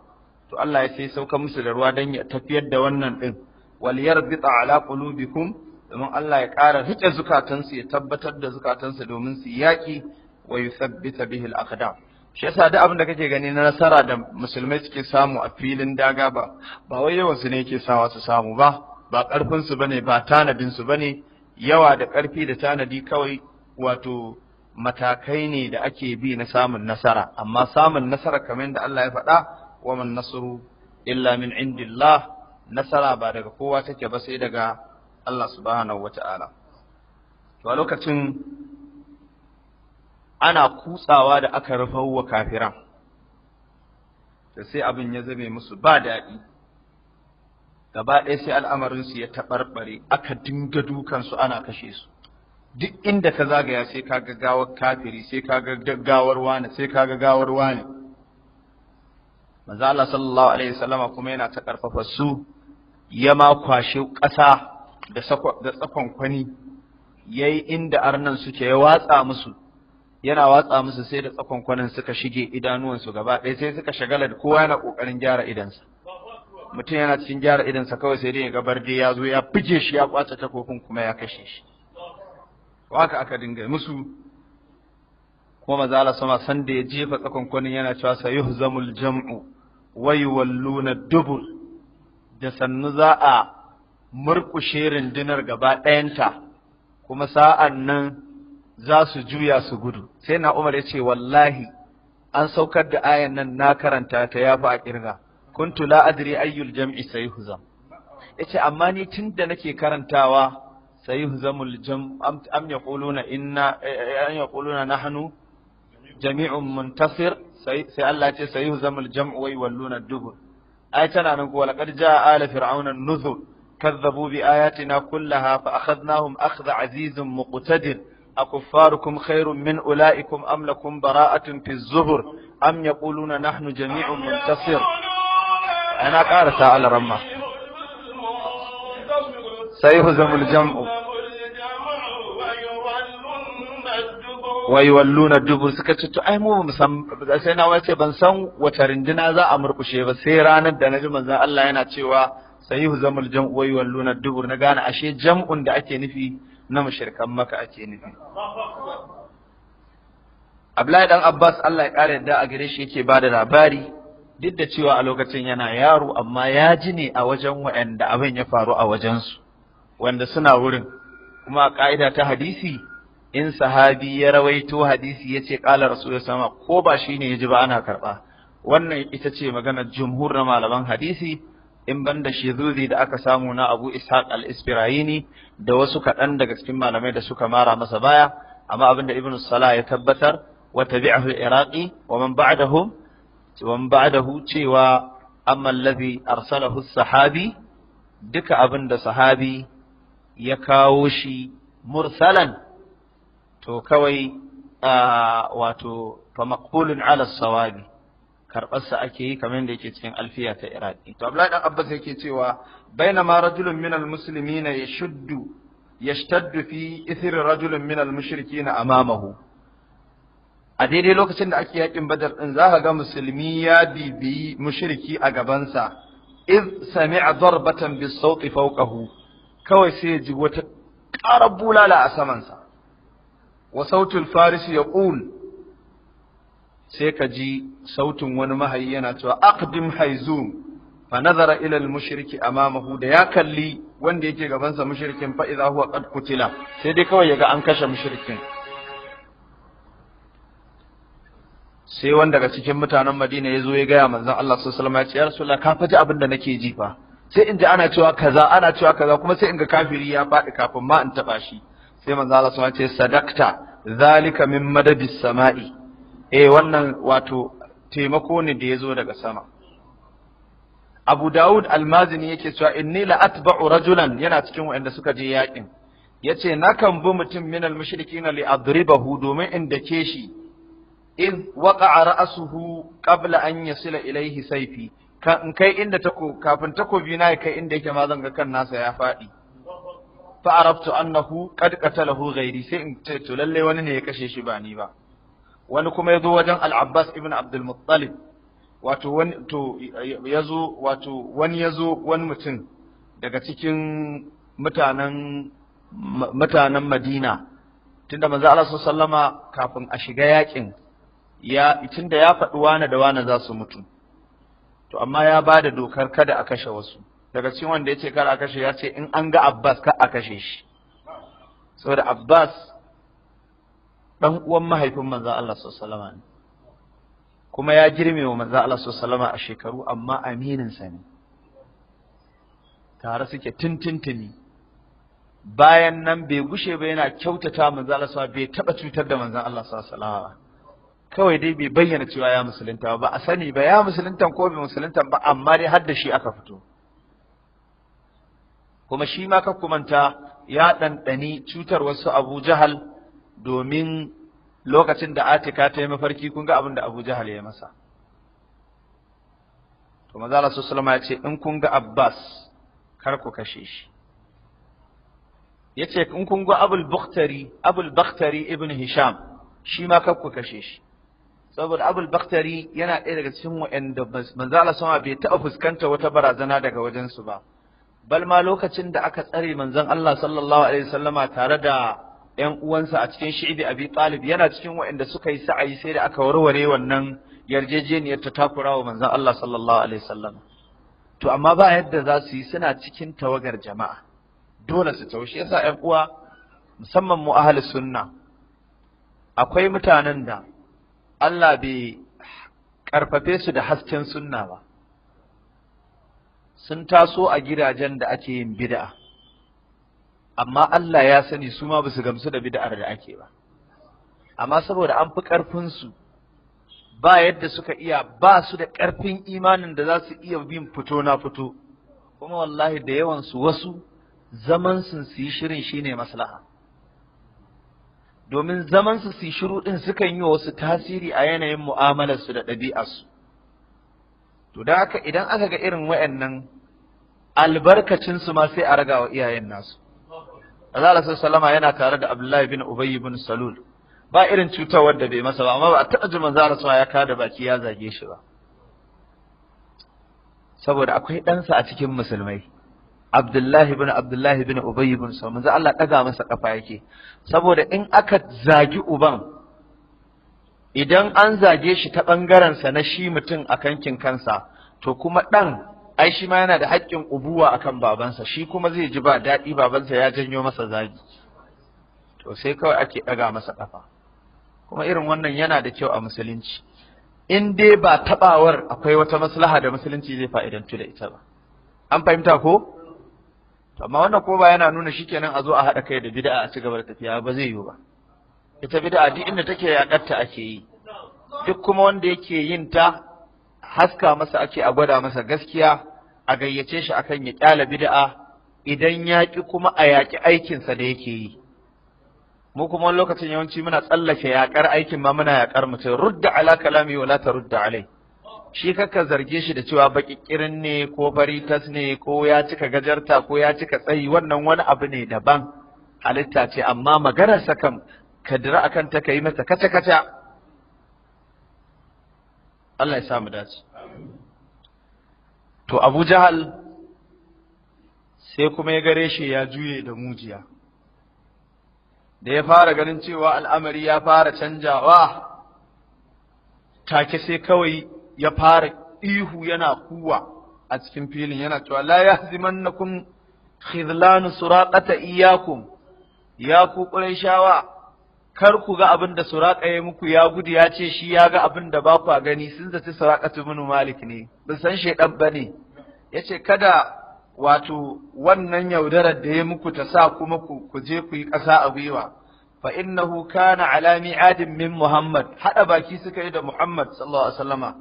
to Allah ya sai sauka musu da ruwa dan ya tafiyar da wannan din wal yarbita ala qulubikum domin Allah ya ƙara rike zukatansu ya tabbatar da zukatansu domin su yaki wa yuthabbita bihi al aqdam shi yasa duk abin da kake gani na nasara da musulmai suke samu a filin daga ba ba wai yawan su ne yake sawa su samu ba ba karfin su bane ba tanadin su bane yawa da karfi da tanadi kawai wato matakai ne da ake bi na samun nasara amma samun nasara kamar da Allah ya faɗa wa man nasru illa min indillah nasara ba daga kowa take ba sai daga Allah subhanahu wata'ala to a lokacin ana kutsawa da aka rufa wa kafiran da sai abin ya zame musu ba daɗi gaba ɗaya sai al'amarinsu ya taɓarɓare aka dinga dukansu ana kashe su duk inda ka zagaya sai ka ga gawar kafiri sai ka ga gaggawar wani sai ka ga gawar wani manzo Allah sallallahu alaihi wasallama kuma yana ta karfafa su ya ma kwashe ƙasa da tsakon kwani yayi inda arnan suke ya watsa musu yana watsa musu sai da tsakon kwanin suka shige idanuwansu gaba ɗaya sai suka shagala da kowa yana ƙoƙarin gyara idansa mutum yana cikin gyara idansa kawai sai dai ya ga dai ya zo ya fije shi ya kwace takofin kuma ya kashe shi Waka aka dinga musu kuma maza Allah sama san da ya jefa kwanin yana cewa sayuhzamul jam'u wa walluna dubur da sannu za a murkushe rundunar gaba ɗayanta kuma sa'an nan za su juya su gudu sai na Umar ya ce wallahi an saukar da ayan nan na karanta ta yafi a kirga kuntu la adri ayyul jam'i sayuhzam yace amma ni tunda nake karantawa سيهزم الجمع أم, أم يقولون إن أم يقولون نحن جميع منتصر سيألا سيهزم الجمع ويولون الدبر آيتنا نقول لقد جاء آل فرعون النذر كذبوا بآياتنا كلها فأخذناهم أخذ عزيز مقتدر أكفاركم خير من أولئكم أم لكم براءة في الزبر أم يقولون نحن جميع منتصر أنا قارس على رمه سيهزم الجمع wai walluna dubur suka ce to ai mu ba san sai na wace ban san wace rinduna za a murkushe ba sai ranar da naji manzon Allah yana cewa sayihu zamul jam'u wai walluna dubur na gane ashe jam'un da ake nufi na mushrikan maka ake nufi Abdullahi dan Abbas Allah ya kare yadda a gare shi yake bada labari duk da cewa a lokacin yana yaro amma ya ji ne a wajen waɗanda abin ya faru a wajensu wanda suna wurin kuma a ƙa'ida ta hadisi in sahabi ya rawaito hadisi ya ce ƙala rasulullah sama ko ba shi ne ya ji ba ana karɓa wannan ita ce maganar jumhur na malaman hadisi in ban da da aka samu na abu ishaq al-isfirayini da wasu kaɗan daga cikin malamai da suka mara masa baya amma abinda ibn salah ya tabbatar wa tabi'ahu al-iraqi wa man ba'dahu wa man ba'dahu cewa amma allazi arsalahu sahabi duka abinda sahabi ya kawo shi mursalan to kawai wato fa maqbulun ala sawabi karɓarsa ake yi kamar yadda yake cikin alfiya ta iraki to abdullahi dan abbas yake cewa bainama rajulun min almuslimina yashuddu yashtaddu fi ithri rajulun min mushrikina amamahu a daidai lokacin da ake yakin badar din zaka ga musulmi ya bibiyi mushriki a gabansa iz sami'a darbatan bis sawti fawqahu kawai sai ya ji wata ƙarar bulala a sa. wa sautul farisi ya ƙul sai ka ji sautin wani mahayi yana cewa aqdim haizum fa nazara ila al-mushriki amamahu da ya kalli wanda yake gabansa mushrikin fa idza huwa qad qutila sai dai kawai yaga an kashe mushrikin sai wanda cikin mutanen Madina ya zo ya gaya manzon Allah sallallahu alaihi wasallam ya ce ya rasulullah ka faji abin da nake ji fa sai in ji ana cewa kaza ana cewa kaza kuma sai in ga kafiri ya faɗi kafin ma in taɓa shi sai manzo Allah sun ce sadakta zalika min madadis sama'i eh wannan wato taimako ne da yazo daga sama Abu Dawud Almazini yake cewa inni la atba'u rajulan yana cikin waɗanda suka je yakin yace nakan bi mutum min al-mushrikin li adribahu domin in dake shi in waqa'a ra'suhu qabla an yasila ilayhi sayfi kan kai inda kafin takobi na kai inda yake ma ga kan nasa ya faɗi fa arabtu annahu qad qatalahu ghairi sai in ce to lalle wani ne ya kashe shi ba ni ba wani kuma yazo wajen al-Abbas ibn Abdul Muttalib wato wani to yazo wato wani yazo wani mutum daga cikin mutanen mutanen Madina tunda manzo Allah sallama kafin a shiga yakin ya tunda ya faɗi wani da wani za su mutu to amma ya bada dokar kada a kashe wasu daga cikin wanda ya ce kar a kashe ya ce in an ga Abbas kar a kashe shi saboda Abbas dan uwan mahaifin manzon Allah sallallahu alaihi kuma ya girme wa manzon Allah sallallahu alaihi a shekaru amma aminin sa ne tare suke tintintini bayan nan bai gushe ba yana kyautata manzon Allah sallallahu bai taba cutar da manzon Allah sallallahu alaihi kawai dai bai bayyana cewa ya musulunta ba a sani ba ya musulunta ko bai musulunta ba amma dai har da shi aka fito kuma shi ma kumanta ya ɗanɗani cutar wasu abu jahal domin lokacin da atika ta yi mafarki kun ga abin da abu jahal ya masa to maza Allah sallama ya ce in kun ga abbas kar ku kashe shi ya ce in kun ga abul bakhtari abul bakhtari ibn hisham shi ma kar ku kashe shi saboda abul bakhtari yana ɗaya daga cikin wa'anda manzo Allah sama bai taɓa fuskanta wata barazana daga wajensu ba bal ma lokacin da aka tsare manzon Allah sallallahu alaihi wasallama tare da ‘yan uwansa a cikin shi'ibi abi talib yana cikin waɗanda suka yi sa'ayi sai da aka warware wannan yarjejeniyar ta takura wa manzon Allah sallallahu alaihi wasallama to amma ba yadda za su yi suna cikin tawagar jama'a dole su taushe yasa ‘yan uwa musamman mu ahli sunna akwai mutanen da Allah bai karfafe su da hasken sunna ba sun taso a gidajen da ake yin bid'a amma Allah ya sani su ma basu gamsu da bid'ar da ake ba amma saboda an fi ƙarfin su ba yadda suka iya ba su da ƙarfin imanin da za su iya bin fito na fito kuma wallahi da yawan su wasu zaman sun su yi shirin shine maslaha domin zaman su su yi shiru din sukan yi wasu tasiri a yanayin mu'amalar su da ɗabi'ar su to da haka idan aka ga irin wayannan albarkacin su ma sai a raga wa iyayen nasu Allah sallama yana tare da Abdullahi bin Ubay bin Salul ba irin cutar da bai masa ba amma ba a taɓa za manzo ya kada baki ya zage shi ba saboda akwai ɗansa a cikin musulmai Abdullahi bin Abdullahi bin Ubay bin Salul manzo Allah ɗaga masa kafa yake saboda in aka zagi uban idan an zage shi ta ɓangarensa na shi mutum a kankin kansa to kuma ɗan ai shi ma yana da haƙƙin ubuwa akan babansa shi kuma zai ji ba daɗi babansa ya janyo masa zagi to sai kawai ake ɗaga masa ƙafa kuma irin wannan yana da kyau a musulunci in dai ba taɓawar akwai wata maslaha da musulunci zai fa'idantu da ita ba an fahimta ko amma wannan ko ba yana nuna shi shikenan a zo a haɗa kai da bid'a a ci gaba da tafiya ba zai yiwu ba ita bid'a duk inda take yaɗarta ake yi duk kuma wanda yake yin ta haska masa ake a gwada masa gaskiya a gayyace shi akan ya kyala bid'a idan ya ki kuma a yaƙi aikinsa da yake yi mu kuma wani lokacin yawanci muna tsallake yaƙar aikin ma muna yaƙar mu ce rudda ala kalami wala ta rudda alai shi kaka zarge shi da cewa baƙiƙirin ne ko faritas ne ko ya cika gajarta ko ya cika tsayi wannan wani abu ne daban halitta ce amma maganarsa kam Kadira akan ta kai mata kaca kaca Allah ya sa mu dace to Abu Jahal sai kuma ya gare shi ya juye da mujiya da ya fara ganin cewa al'amari ya fara canjawa take sai kawai ya fara ihu yana kuwa a cikin filin yana cewa la yahzimannakum khidlanu suraqata iyyakum ya ku shawa? kar ku ga abin da suraka ya muku ya gudu ya ce shi ya ga abin da ba ku a gani sun zaci suraka munu malik ne ba san ne. Ya ce kada wato wannan yaudarar da ya muku ta sa kuma ku je ku yi ƙasa a gwiwa fa innahu kana ala mi'adin min muhammad hada baki suka yi da muhammad sallallahu alaihi wasallama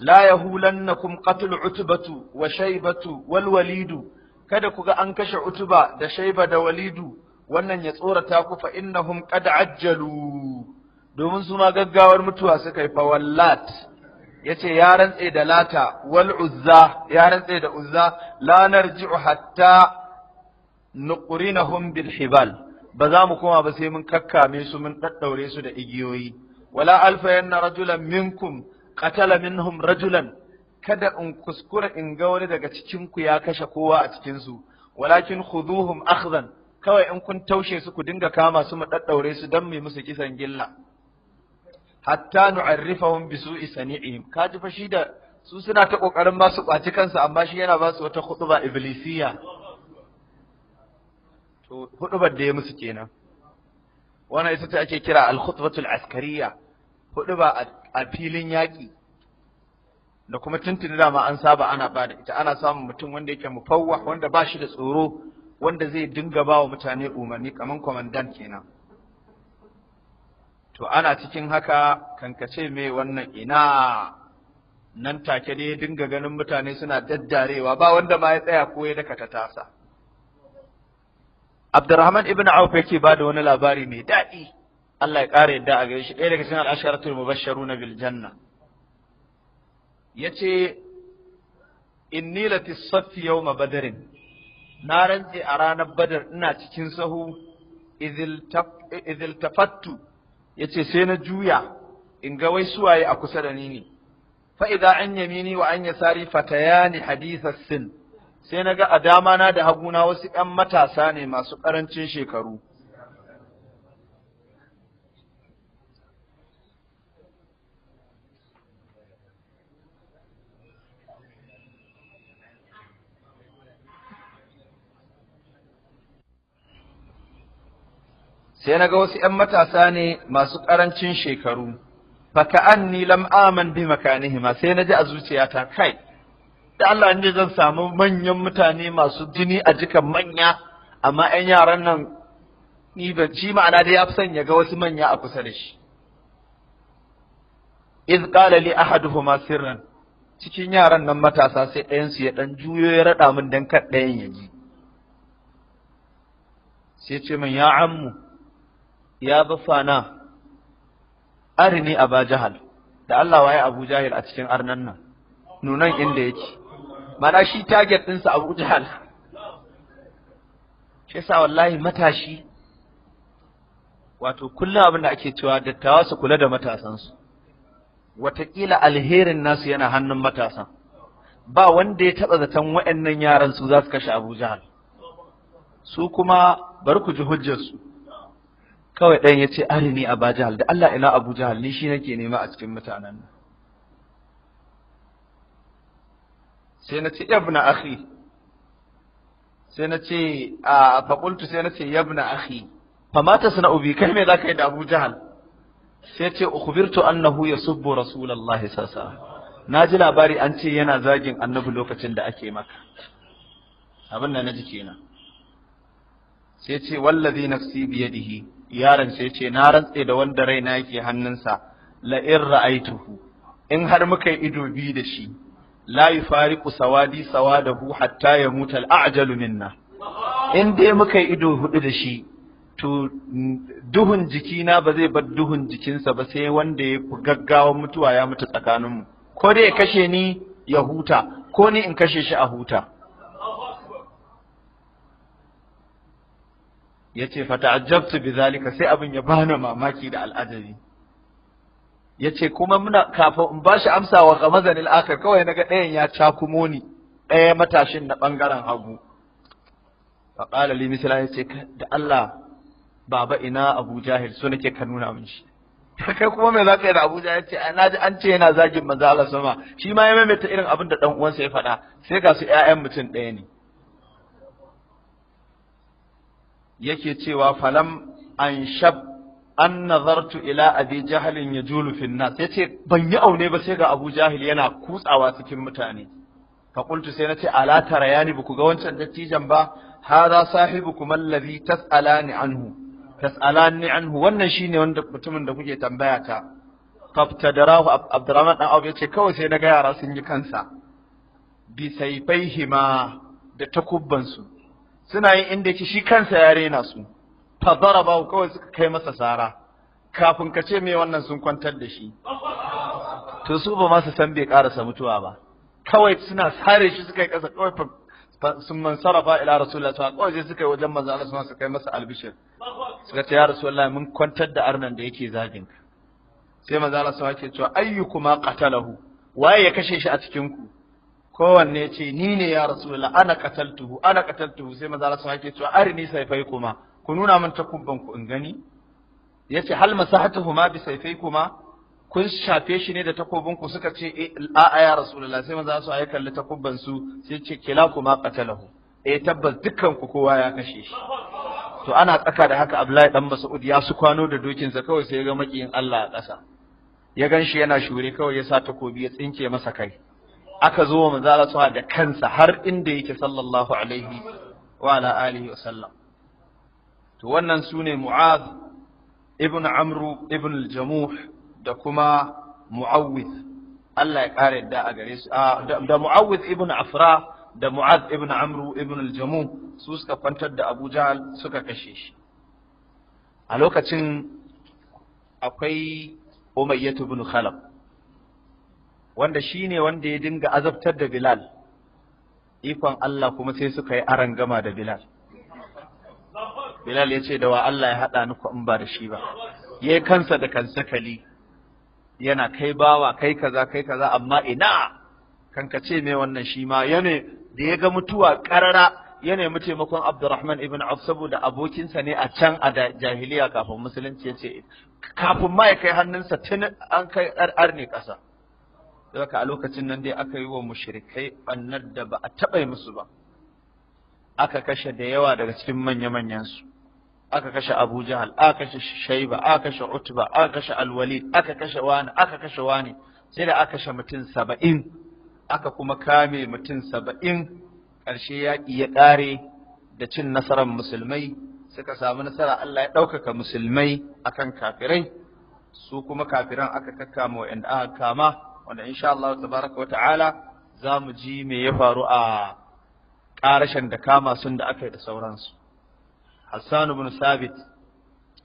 la yahulannakum qatl utbatu wa shaybatu wal walidu kada ku ga an kashe utuba da shaiba da walidu wannan ya tsorata ku fa innahum qad ajjalu domin su ma gaggawar mutuwa suka yi fa wallat yace ya rantse da lata wal uzza ya rantse da uzza la narji'u hatta nuqrinahum bil hibal ba za mu koma ba sai mun kakkame su mun daddaure su da igiyoyi wala alfayanna rajulan minkum qatala minhum rajulan kada in kuskura in ga wani daga cikin ku ya kashe kowa a cikin su walakin khuduhum akhdhan kawai in kun taushe su ku dinga kama su mu daddaure su dan mu musu kisan gilla hatta nu'arrifahum bi su'i Ka ji fa shi da su suna ta kokarin ba su kwaci kansu amma shi yana ba su wata khutba iblisiya to hudubar da ya musu kenan wannan ita ce ake kira al-khutbatul askariya huduba a filin yaki da kuma tuntuni dama an saba ana ba da ita ana samun mutum wanda yake mufawwah wanda ba shi da tsoro wanda zai dinga ba wa mutane umarni kamar kwamandan kenan to ana cikin haka kankace mai wannan ina nan take dai dinga ganin mutane suna daddarewa ba wanda ma ya tsaya ko ya daka ta tasa Abdurrahman ibn Auf yake ba da wani labari mai daɗi Allah ya ƙara yadda a gare shi ɗaya daga cikin al'asharatul mubashsharuna bil janna yace inni latis safi yawma badrin na rantse a ranar badar ina cikin sahu tafattu ya ce sai na juya in ga wai suwaye a kusa da ni ne fa'ida an yamini wa an yasari fatayani hadisar sin sai na ga a dama na da haguna wasu ‘yan matasa ne masu ƙarancin shekaru sai na ga wasu ‘yan matasa ne masu ƙarancin shekaru, faka an ni lam aman bi ma sai na ji a zuciyata kai, da Allah ne zan samu manyan mutane masu jini a jikan manya, amma ‘yan yaran nan ni ban ci ma'ana da ya fi son ya ga wasu manya a kusa da shi. iz qala li ahaduhuma sirran cikin yaran nan matasa sai ɗayansu ya ɗan juyo ya raɗa min dan kad ɗayan ya ji sai ce min ya ammu ya bafana arini a bajahal da Allah waye abu jahil a cikin arnan nan nunan inda yake mana shi target ɗinsa abu jahal shi yasa wallahi matashi wato kullum abin da ake cewa dattawa su kula da matasansu watakila alherin nasu yana hannun matasan ba wanda ya taɓa zaton waɗannan yaran su za su kashe abu jahal su kuma bari ku ji hujjarsu kawai ɗayan ya ce arini a bajahal da Allah ina abu jahal ni shi nake nema a cikin mutanen sai na ce yabna akhi sai na ce a faƙultu sai na ce yabna akhi mata suna ubi kai me za ka yi da abu jahal sai ce ukhbirtu annahu yasubbu rasulullahi sasa na ji labari an ce yana zagin annabi lokacin da ake maka abin da na ji kenan sai ce wallazi nafsi biyadihi yaron sai ce na rantse da wanda raina yake hannunsa la in ra'aituhu in har muka yi ido biyu da shi la yufariqu sawadi sawadahu hatta yamuta al minna in dai muka yi ido hudu da shi to duhun jikina ba zai bar duhun jikinsa ba sai wanda ya fi gaggawan mutuwa ya mutu tsakaninmu ko dai ya kashe ni ya huta ko ni in kashe shi a huta yace bi zalika sai abin ya bani mamaki da al'ajabi yace kuma muna kafin in bashi amsa wa gamazan al'akar kawai naga ɗayan ya cakumo ni ɗaya matashin na bangaren hagu fa qala li ya ce da Allah baba ina Abu Jahil so nake ka nuna min shi *laughs* kai kuma me za ka yi da Abuja ya ce na ji an ce yana zagin manzo Allah sama shi ma ya maimaita irin abin da dan uwansa ya faɗa sai ga su ƴaƴan mutum ɗaya ne yake cewa falam an shab an nazartu ila abi jahalin ya julu fin nas yace ban yi aune ba sai ga abu jahil yana kutsawa cikin mutane fa qultu sai nace ala tarayani buku ga wancan dattijan ba hada sahibukum allazi tasalani anhu ni anhu wannan ne wanda mutumin da kuke tambaya ta qaftadarahu abdurrahman dan abu kawai sai naga yara sun yi kansa bi sayfaihima da takubban su suna yin inda ke shi kansa ya rena su ba kawai suka kai masa sara kafin ka ce me wannan sun kwantar da shi to su ba ma su san bai karasa mutuwa ba kawai suna sare shi suka yi kasa kawai sun man sarrafa ila rasulullah ta kawai sai suka yi wajen manzo Allah sun kai masa albishir suka ce ya rasulullah mun kwantar da arnan da yake zagin sai manzo Allah sun ce ayyuku ayyukuma qatalahu waye ya kashe shi a cikin ku kowanne ce ni ne ya rasulullah ana tuhu ana tuhu sai maza rasul yake cewa arini saifai kuma ku nuna min takubban ku in gani yace hal masahatuhuma bi saifai kuma kun shafe shi ne da takobin ku suka ce eh, a'a ya rasulullah sai maza su ayi kalli takubban su sai ce kila kuma qatalahu eh tabbas dukkan ku kowa ya kashe shi to ana tsaka da haka Abdullahi dan Mas'ud ya su kwano da dokinsa kawai sai ya ga makiyin Allah a ƙasa ya gan shi yana shure kawai ya sa takobi ya tsinke masa kai aka zo manzo Allah da kansa har inda yake sallallahu alaihi wa ala alihi wa sallam to wannan sune Mu'adh ibn Amru ibn al-Jamuh da kuma Mu'awwidh Allah ya kare da a gare su ah, da Mu'awwidh ibn Afra da Mu'adh ibn Amru ibn al-Jamuh su suka kwantar da Abu Jahl suka kashe shi a lokacin akwai Umayyah ibn Khalaf wanda shi ne wanda ya dinga azabtar da Bilal ikon Allah kuma sai suka yi gama da Bilal Bilal ya ce da wa Allah ya haɗa ni in ba da shi ba yayi kansa da kansakali yana kai bawa kai kaza kai kaza amma ina kanka ce me wannan shi ma yane da ya ga mutuwa ƙarara? ya nemi taimakon Abdurrahman ibn Auf saboda abokinsa ne a can a jahiliya kafin musulunci ya ce kafin ma ya kai hannunsa tun an kai arne ƙasa. Daga a lokacin nan dai aka yi wa mushirikai ɓannar da ba a taɓa musu ba. Aka kashe da yawa daga cikin manya-manyan su. Aka kashe Abu Jahal, aka kashe Shaiba, aka kashe Utba, aka kashe Alwalid, aka kashe Wani, aka kashe Wani. Sai da aka kashe mutum saba'in, aka kuma kame mutum saba'in. Ƙarshe yaƙi ya ƙare da cin nasarar musulmai suka samu nasara Allah ya ɗaukaka musulmai akan kafirai su kuma kafiran aka kakkama waɗanda aka kama wanda insha Allah tabaraka wa ta'ala za mu ji me ya faru a ƙarashen da kama sun da aka yi da sauransu Hassan ibn Sabit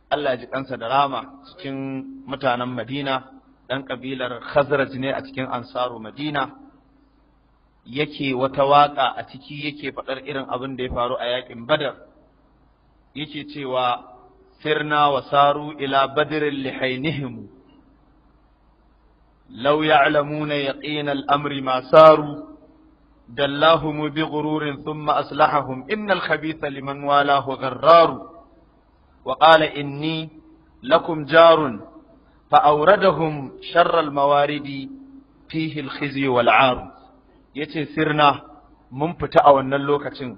Allah ji kansa da rama cikin mutanen Madina dan kabilar Khazraj ne a cikin Ansaru Madina yake wata waka a ciki yake faɗar irin abin da ya faru a yakin Badar yake cewa sirna wasaru ila badrin lihainihim لو يعلمون يقين الأمر ما ساروا دلاهم بغرور ثم أسلحهم إن الخبيث لمن والاه غرار وقال إني لكم جار فأوردهم شر الموارد فيه الخزي والعار يتي سرنا من فتاة والنلوكة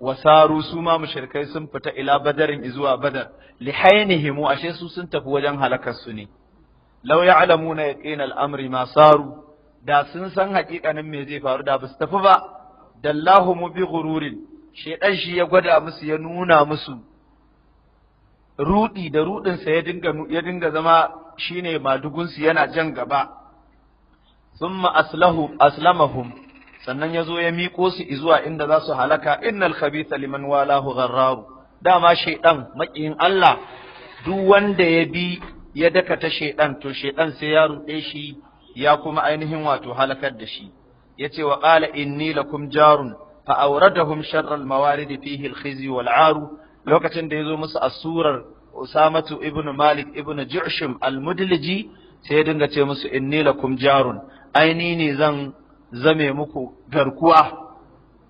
wasaru su ma mushrikai sun fita ila badarin izuwa badar lihainihim ashe su sun tafi wajen halakar su ne alamu na ya al-amri ma masaru. da sun san haƙiƙanin me zai faru da basu tafi ba dallahu mu bi gururin shedan shi ya gwada musu ya nuna musu rudi da ruɗinsa ya dinga ya dinga zama shine madugunsu yana jan gaba Sun aslahu aslamahum sannan ya zo ya miko su izuwa inda za su halaka innal khabitha liman walahu gharraru dama shedan maƙiyin Allah duk wanda ya bi ya daka ta shaidan to shaidan sai ya ruɗe shi ya kuma ainihin wato halakar da shi yace wa qala inni lakum jarun fa awradahum sharral mawarid fihi alkhizi wal aru lokacin da yazo musu asurar usamatu Ibnu malik Ibnu ju'shim al mudliji sai ya dinga ce musu inni lakum jarun aini ne zan zame muku garkuwa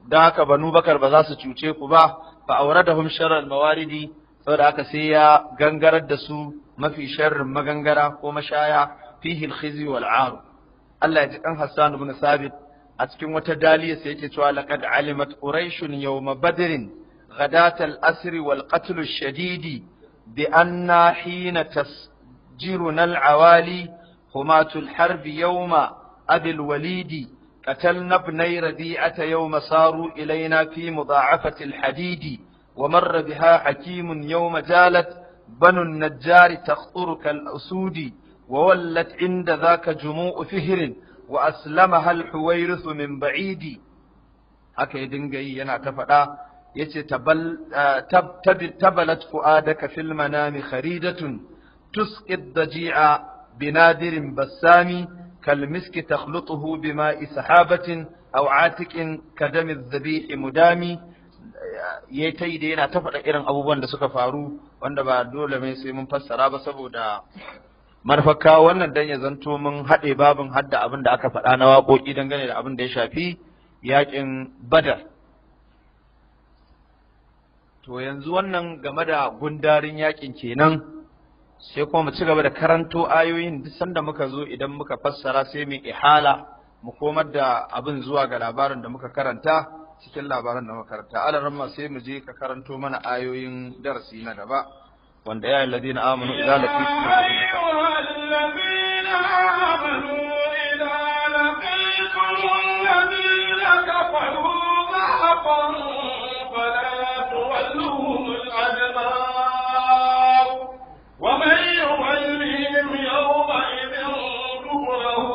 da haka banu bakar ba za su cuce ku ba fa awradahum sharral mawaridi saboda haka sai ya gangarar da su ما في شر مغنغرة ومشايا فيه الخزي والعار الله يتقن حسان بن ثابت أتكم وتدالي سيكتوا لقد علمت قريش يوم بدر غداة الأسر والقتل الشديد بأن حين تسجرنا العوالي حماة الحرب يوم أبي الوليد قتلنا ابني رديعة يوم صاروا إلينا في مضاعفة الحديد ومر بها حكيم يوم جالت بنو النجار تخطر كالأسود وولت عند ذاك جموع فهر وأسلمها الحويرث من بعيد هكا يدنقي ينعتفقا يتبل آه، تب تبلت فؤادك في المنام خريدة تسقي الضجيع بنادر بسامي كالمسك تخلطه بماء سحابة أو عاتك كدم الذبيح مدامي ya ta yi da yana ta faɗa irin abubuwan da suka faru wanda ba dole mai sai mun fassara ba saboda marfaka wannan dan ya zanto mun haɗe babin hadda abin da aka faɗa na waƙoƙi dangane da abin da ya shafi yaƙin badar to yanzu wannan game da gundarin yaƙin kenan sai kuma mu ci gaba da karanto ayoyin duk sanda muka zo idan muka fassara sai mu ihala mu komar da abin zuwa ga labarin da muka karanta cikin labaran da makaranta alaran sai mu je ka karanto mana ayoyin darasi na gaba wanda ya alladina amanu idan ومن يولهم يومئذ دبره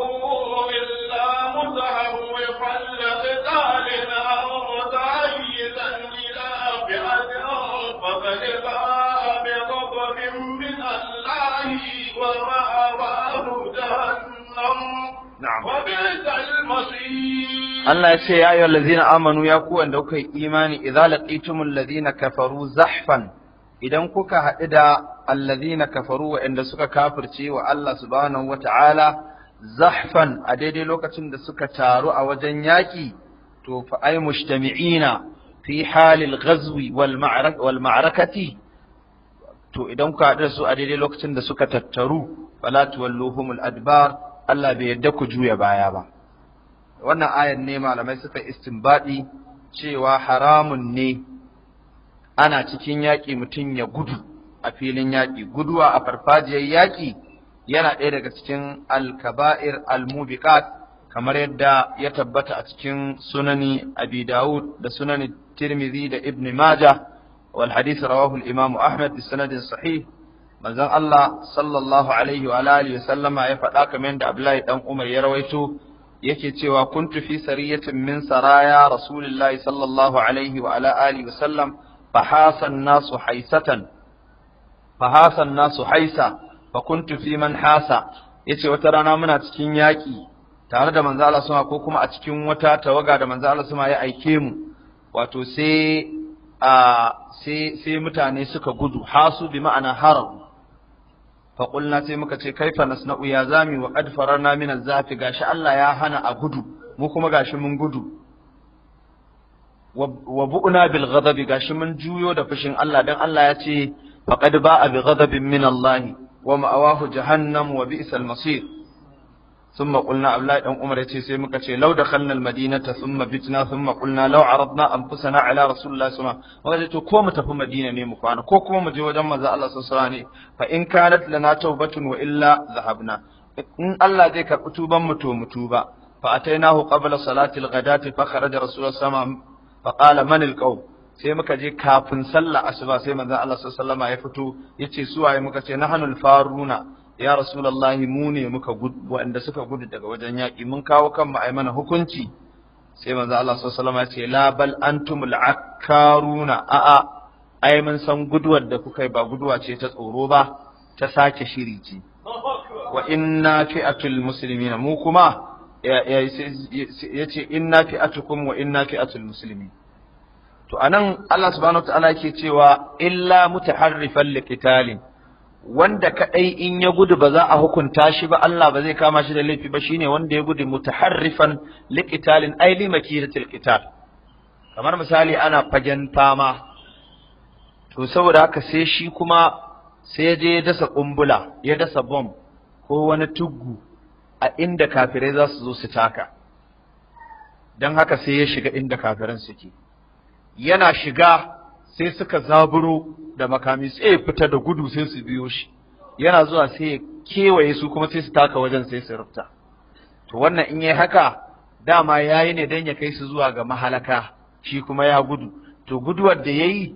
إلا متهوقا لقتال Allah ya ce, Yayo, lazina amanu ya kuwan kuka yi imani, iza laƙitumin lazina kafaru zahfan, idan kuka haɗu da allazina kafaru wa suka kafurce wa Allah subhanahu wa a daidai lokacin da suka taru a wajen yaƙi, to fa ai mushtami'ina fi halil ghazwi wal ma'arakati to idan ku haɗu da su a daidai lokacin da suka tattaru fala tuwalluhumul adbar Allah bai yadda ku juya baya ba wannan ayan ne malamai suka istinbadi cewa haramun ne ana cikin yaƙi mutum ya gudu a filin yaƙi guduwa a farfajiyar yaƙi yana ɗaya daga cikin alkaba'ir almubiqat kamar yadda ya tabbata a cikin sunani abi da sunani tirmidhi da ibn majah wal hadith rawahu al imam ahmad bi sanadin sahih manzon Allah sallallahu alaihi wa alihi wa sallama ya faɗa kamar yadda Abdullahi dan Umar ya rawaito yake cewa kuntu fi sariyatin min saraya rasulillahi sallallahu alaihi wa ala alihi wa sallam fahasa nasu haisatan fahasa nasu haisa fa kuntu fi man hasa yace wata rana muna cikin yaki tare da manzo Allah ko kuma a cikin wata tawaga da manzo Allah ya aike mu wato sai sai sai mutane suka gudu hasu bi ma'ana harabu faƙulna sai muka ce kaifa nasna'u ya zami wa qad fararna min zafi gashi Allah ya hana a gudu mu kuma gashi mun gudu wa bu'na bil ghadabi gashi mun juyo da fushin Allah dan Allah ya ce faqad ba'a bi ghadabin min Allah wa ma'awahu jahannam wa bi'sal masir ثم قلنا أبلا أم عمر يتيسي مكتشي لو دخلنا المدينة ثم بتنا ثم قلنا لو عرضنا أنفسنا على رسول الله صلى الله عليه وسلم وقالت كومة في مدينة نيمكوانا كوكومة مجوجا مزا الله صلى الله عليه وسلم فإن كانت لنا توبة وإلا ذهبنا إن الله ذيك أتوبا متو متوبا فأتيناه قبل صلاة الغداة فخرج رسول الله صلى الله عليه وسلم فقال من القوم sai muka je kafin sallah asuba sai manzon Allah sallallahu alaihi wasallam ya fito yace su waye muka ce nahanul faruna ya rasulallahi mu ne muka gudu waɗanda suka gudu daga wajen yaki, mun kawo kan ai mana hukunci sai manzo Allah sallallahu alaihi wasallam ya ce la bal antumul akkaruna a a ai mun san guduwar da kuka yi ba guduwa ce ta tsoro ba ta sake shiri ce wa inna fi'atul muslimin mu kuma yace inna fi'atukum wa inna fi'atul muslimin to anan Allah subhanahu wa ta'ala yake cewa illa mutaharrifan liqitalin wanda kadai in ya gudu ba za a hukunta shi ba Allah ba zai kama shi da laifi ba shine wanda ya gudu mutaharrifan liqitalin ay li makinatil qital kamar misali ana fagen fama to saboda haka sai shi kuma sai je ya dasa kumbula ya dasa bomb ko wani tuggu a inda kafirai za su zo su taka don haka sai ya shiga inda kafirin suke yana shiga sai suka zaburo da makami sai ya fita da gudu sai su biyo shi yana zuwa sai ya kewaye su kuma sai su taka wajen sai su rufta to wannan in yayi haka dama yayi ne dan ya kai su zuwa ga mahalaka shi kuma ya gudu to guduwar da yayi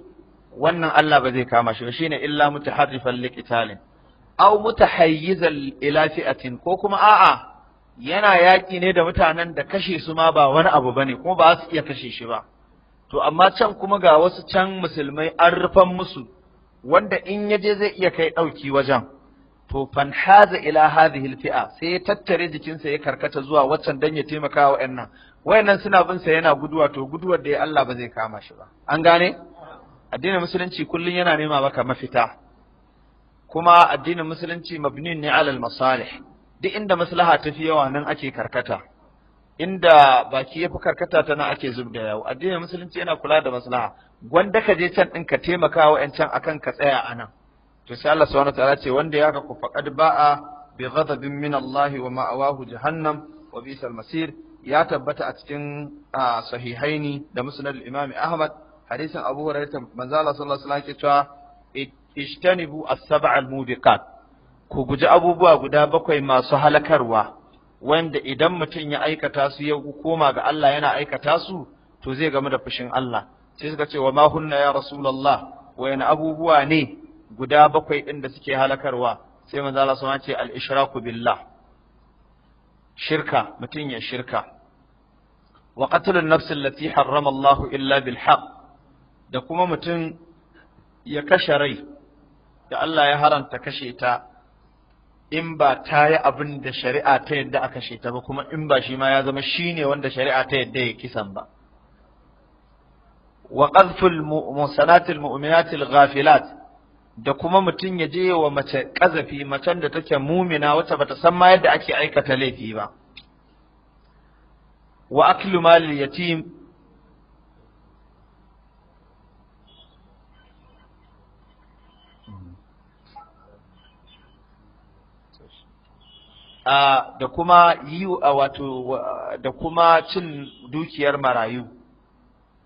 wannan Allah ba zai kama shi ba shine illa mutaharrifan liqitalin aw mutahayyizan ila fi'atin ko kuma a'a yana yaki ne da mutanen da kashe su ma ba wani abu bane kuma ba su iya kashe shi ba to amma can kuma ga wasu can musulmai an rufan musu wanda in yaje zai iya kai ɗauki wajen to haza ila hadhihi alfi'a sai ya tattare jikinsa ya karkata zuwa waccan dan ya taimaka wa ƴannan wayannan suna bin sa yana guduwa to guduwar da ya Allah ba zai kama shi ba an gane addinin musulunci kullun yana nema maka mafita kuma addinin musulunci mabnin ne alal masalih duk inda maslaha ta fi yawa nan ake karkata inda baki ya fi karkata tana ake zub da yawo addinin musulunci yana kula da maslaha gwanda ka je can din ka taimaka wa can akan ka tsaya a nan to sai Allah subhanahu ce wanda ya ka faqad ba'a bi ghadabin min Allah wa ma'awahu jahannam wa bisal masir ya tabbata a cikin sahihaini da musnad al-imam Ahmad hadisin Abu Hurairah manzo Allah sallallahu alaihi wasallam cewa ijtanibu as-sab'a al ku guji abubuwa guda bakwai masu halakarwa wanda idan mutum ya aikata su ya koma ga Allah yana aikata su to zai gamu da fushin Allah sai suka ce wa ma hunna ya rasulullah wayana abubuwa ne guda bakwai din da suke halakarwa sai manzo Allah sama ce al ishraku billah shirka mutum ya shirka wa qatlun nafs allati harrama Allah illa bil haqq da kuma mutum ya kashe rai da Allah ya haranta kashe ta in ba ta yi abin da shari'a ta yadda aka kashe ba kuma in ba shi ma ya zama shi ne wanda shari'a ta yadda ya kisan ba wa ƙarfin musanatil mu'minatil ghafilat da kuma mutum ya je wa mace ƙazafi macen da take mumina wacce bata san ma yadda ake aikata laifi ba wa aklu malil yatim da kuma yi wato da kuma cin dukiyar marayu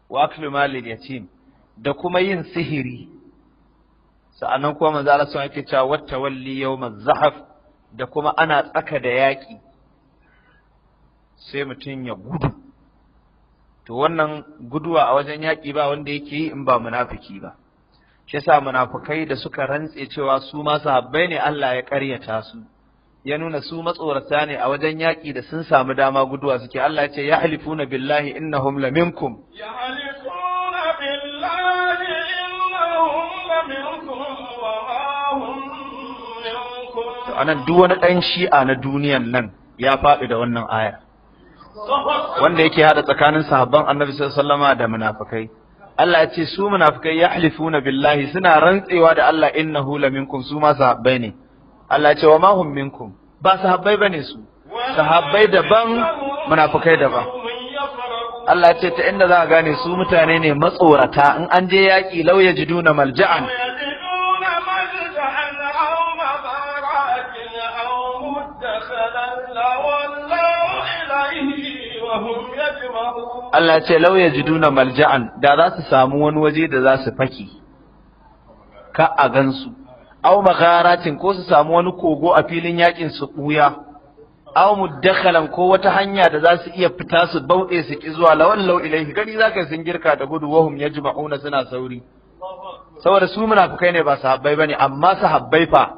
wa aklu malil yatim da kuma yin sihiri sa'annan kuma manzo Allah sun yake cewa wattawalli yawmaz zahaf da kuma ana tsaka da yaƙi sai mutum ya gudu to wannan guduwa a wajen yaƙi ba wanda yake yi in ba munafiki ba shi yasa munafukai da suka rantse cewa su ma sahabbai ne Allah ya ƙaryata su ya nuna su matsorata ne a wajen yaƙi da sun samu dama guduwa suke Allah ya ce ya halifuna billahi innahum la ya halifuna billahi innahum la minkum anan duk wani ɗan shi'a na duniyan nan ya faɗi da wannan aya wanda yake haɗa tsakanin sahabban Annabi sallallahu alaihi da munafikai Allah ya ce su munafikai ya halifuna billahi suna rantsewa da Allah innahu la minkum su ma sahabbai ne Allah ce wa mahum minkum ba sahabbai bane su sahabbai daban munafukai daban Allah ce ta inda za a gane su mutane ne matsorata in an je yaƙi law yajiduna malja'an Allah ce law yajiduna malja'an da za su samu wani waje da za su faki ka a gansu aw magharatin ko su samu wani kogo a filin yakin su buya aw muddakhalan ko wata hanya da za su iya fita su bauɗe su ki zuwa lawallau ilaihi gani zaka sun girka da gudu wahum yajma'una suna sauri saboda su munafukai ne ba sahabbai bane amma sahabbai fa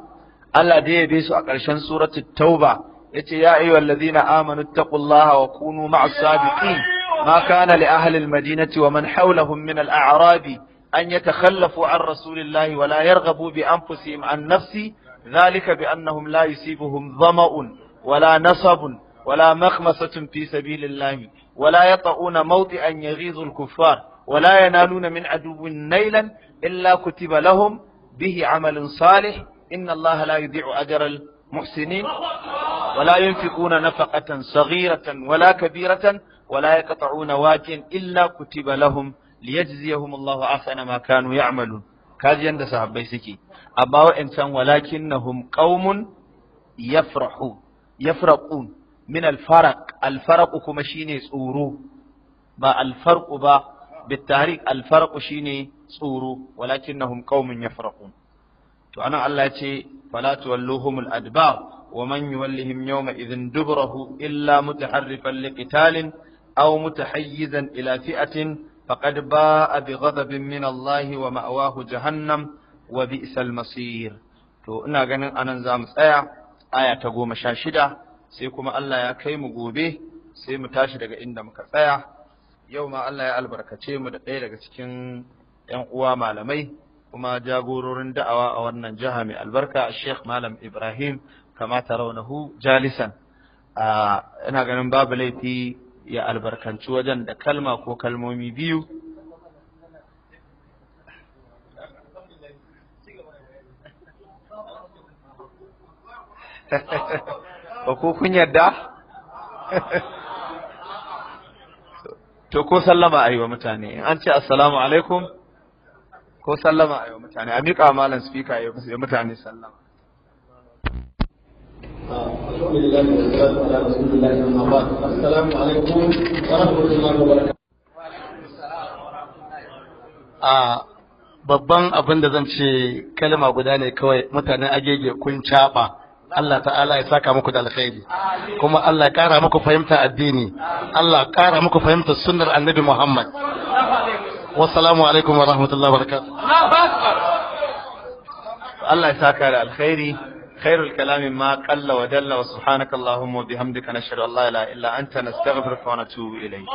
Allah da ya bi su a ƙarshen suratul tauba yace ya ayyuhal ladina amanu taqullaha wa kunu ma'as sabiqin ma kana li ahli al-madinati wa man haula min al أن يتخلفوا عن رسول الله ولا يرغبوا بأنفسهم عن نفسي ذلك بأنهم لا يصيبهم ظمأ ولا نصب ولا مخمسة في سبيل الله ولا يطؤون موطئا يغيظ الكفار ولا ينالون من عدو نيلا إلا كتب لهم به عمل صالح إن الله لا يضيع أجر المحسنين ولا ينفقون نفقة صغيرة ولا كبيرة ولا يقطعون واجيا إلا كتب لهم liyajziyahum Allahu ahsana ma kanu ya'malun kaji yanda sahabbai suke amma wa'ancan walakinnahum qaumun yafrahu yafraqun min alfaraq alfaraq kuma shine tsoro ba alfarq ba بالتحريك الفرق شيني tsoro to ana Allah ya ce fala tuwalluhum al wa man yuwallihim yawma idhin duburahu illa mutaharrifan liqitalin aw mutahayyizan ila fi'atin فقد باء بغضب من الله ومأواه جهنم وبئس المصير to ina ganin anan za mu tsaya aya ta goma sha shida sai kuma Allah ya kai mu gobe sai mu tashi daga inda muka tsaya yau ma Allah ya albarkace mu da ɗaya daga cikin ‘yan uwa malamai kuma jagororin da'awa a wannan jiha mai albarka Sheikh Malam Ibrahim kamata raunahu jalisan ina ganin babu laifi ya albarkanci wajen da kalma ko kalmomi biyu *laughs* ba ko kun yarda *laughs* to ko sallama a yi wa mutane in an ce assalamu alaikum ko sallama a yi wa mutane a miƙa malam spika ya mutane sallama a babban abin da zan ce kalma guda ne kawai mutanen agege kun caba Allah ta'ala ya saka muku da alkhairi kuma Allah ya kara muku fahimta addini Allah ya kara muku fahimta sunnar annabi Muhammad wassalamu alaikum wa rahmatullahi wa barakatuh Allah ya saka da alkhairi خير الكلام ما قل ودل وسبحانك اللهم وبحمدك نشهد ان لا اله الا انت نستغفرك ونتوب اليك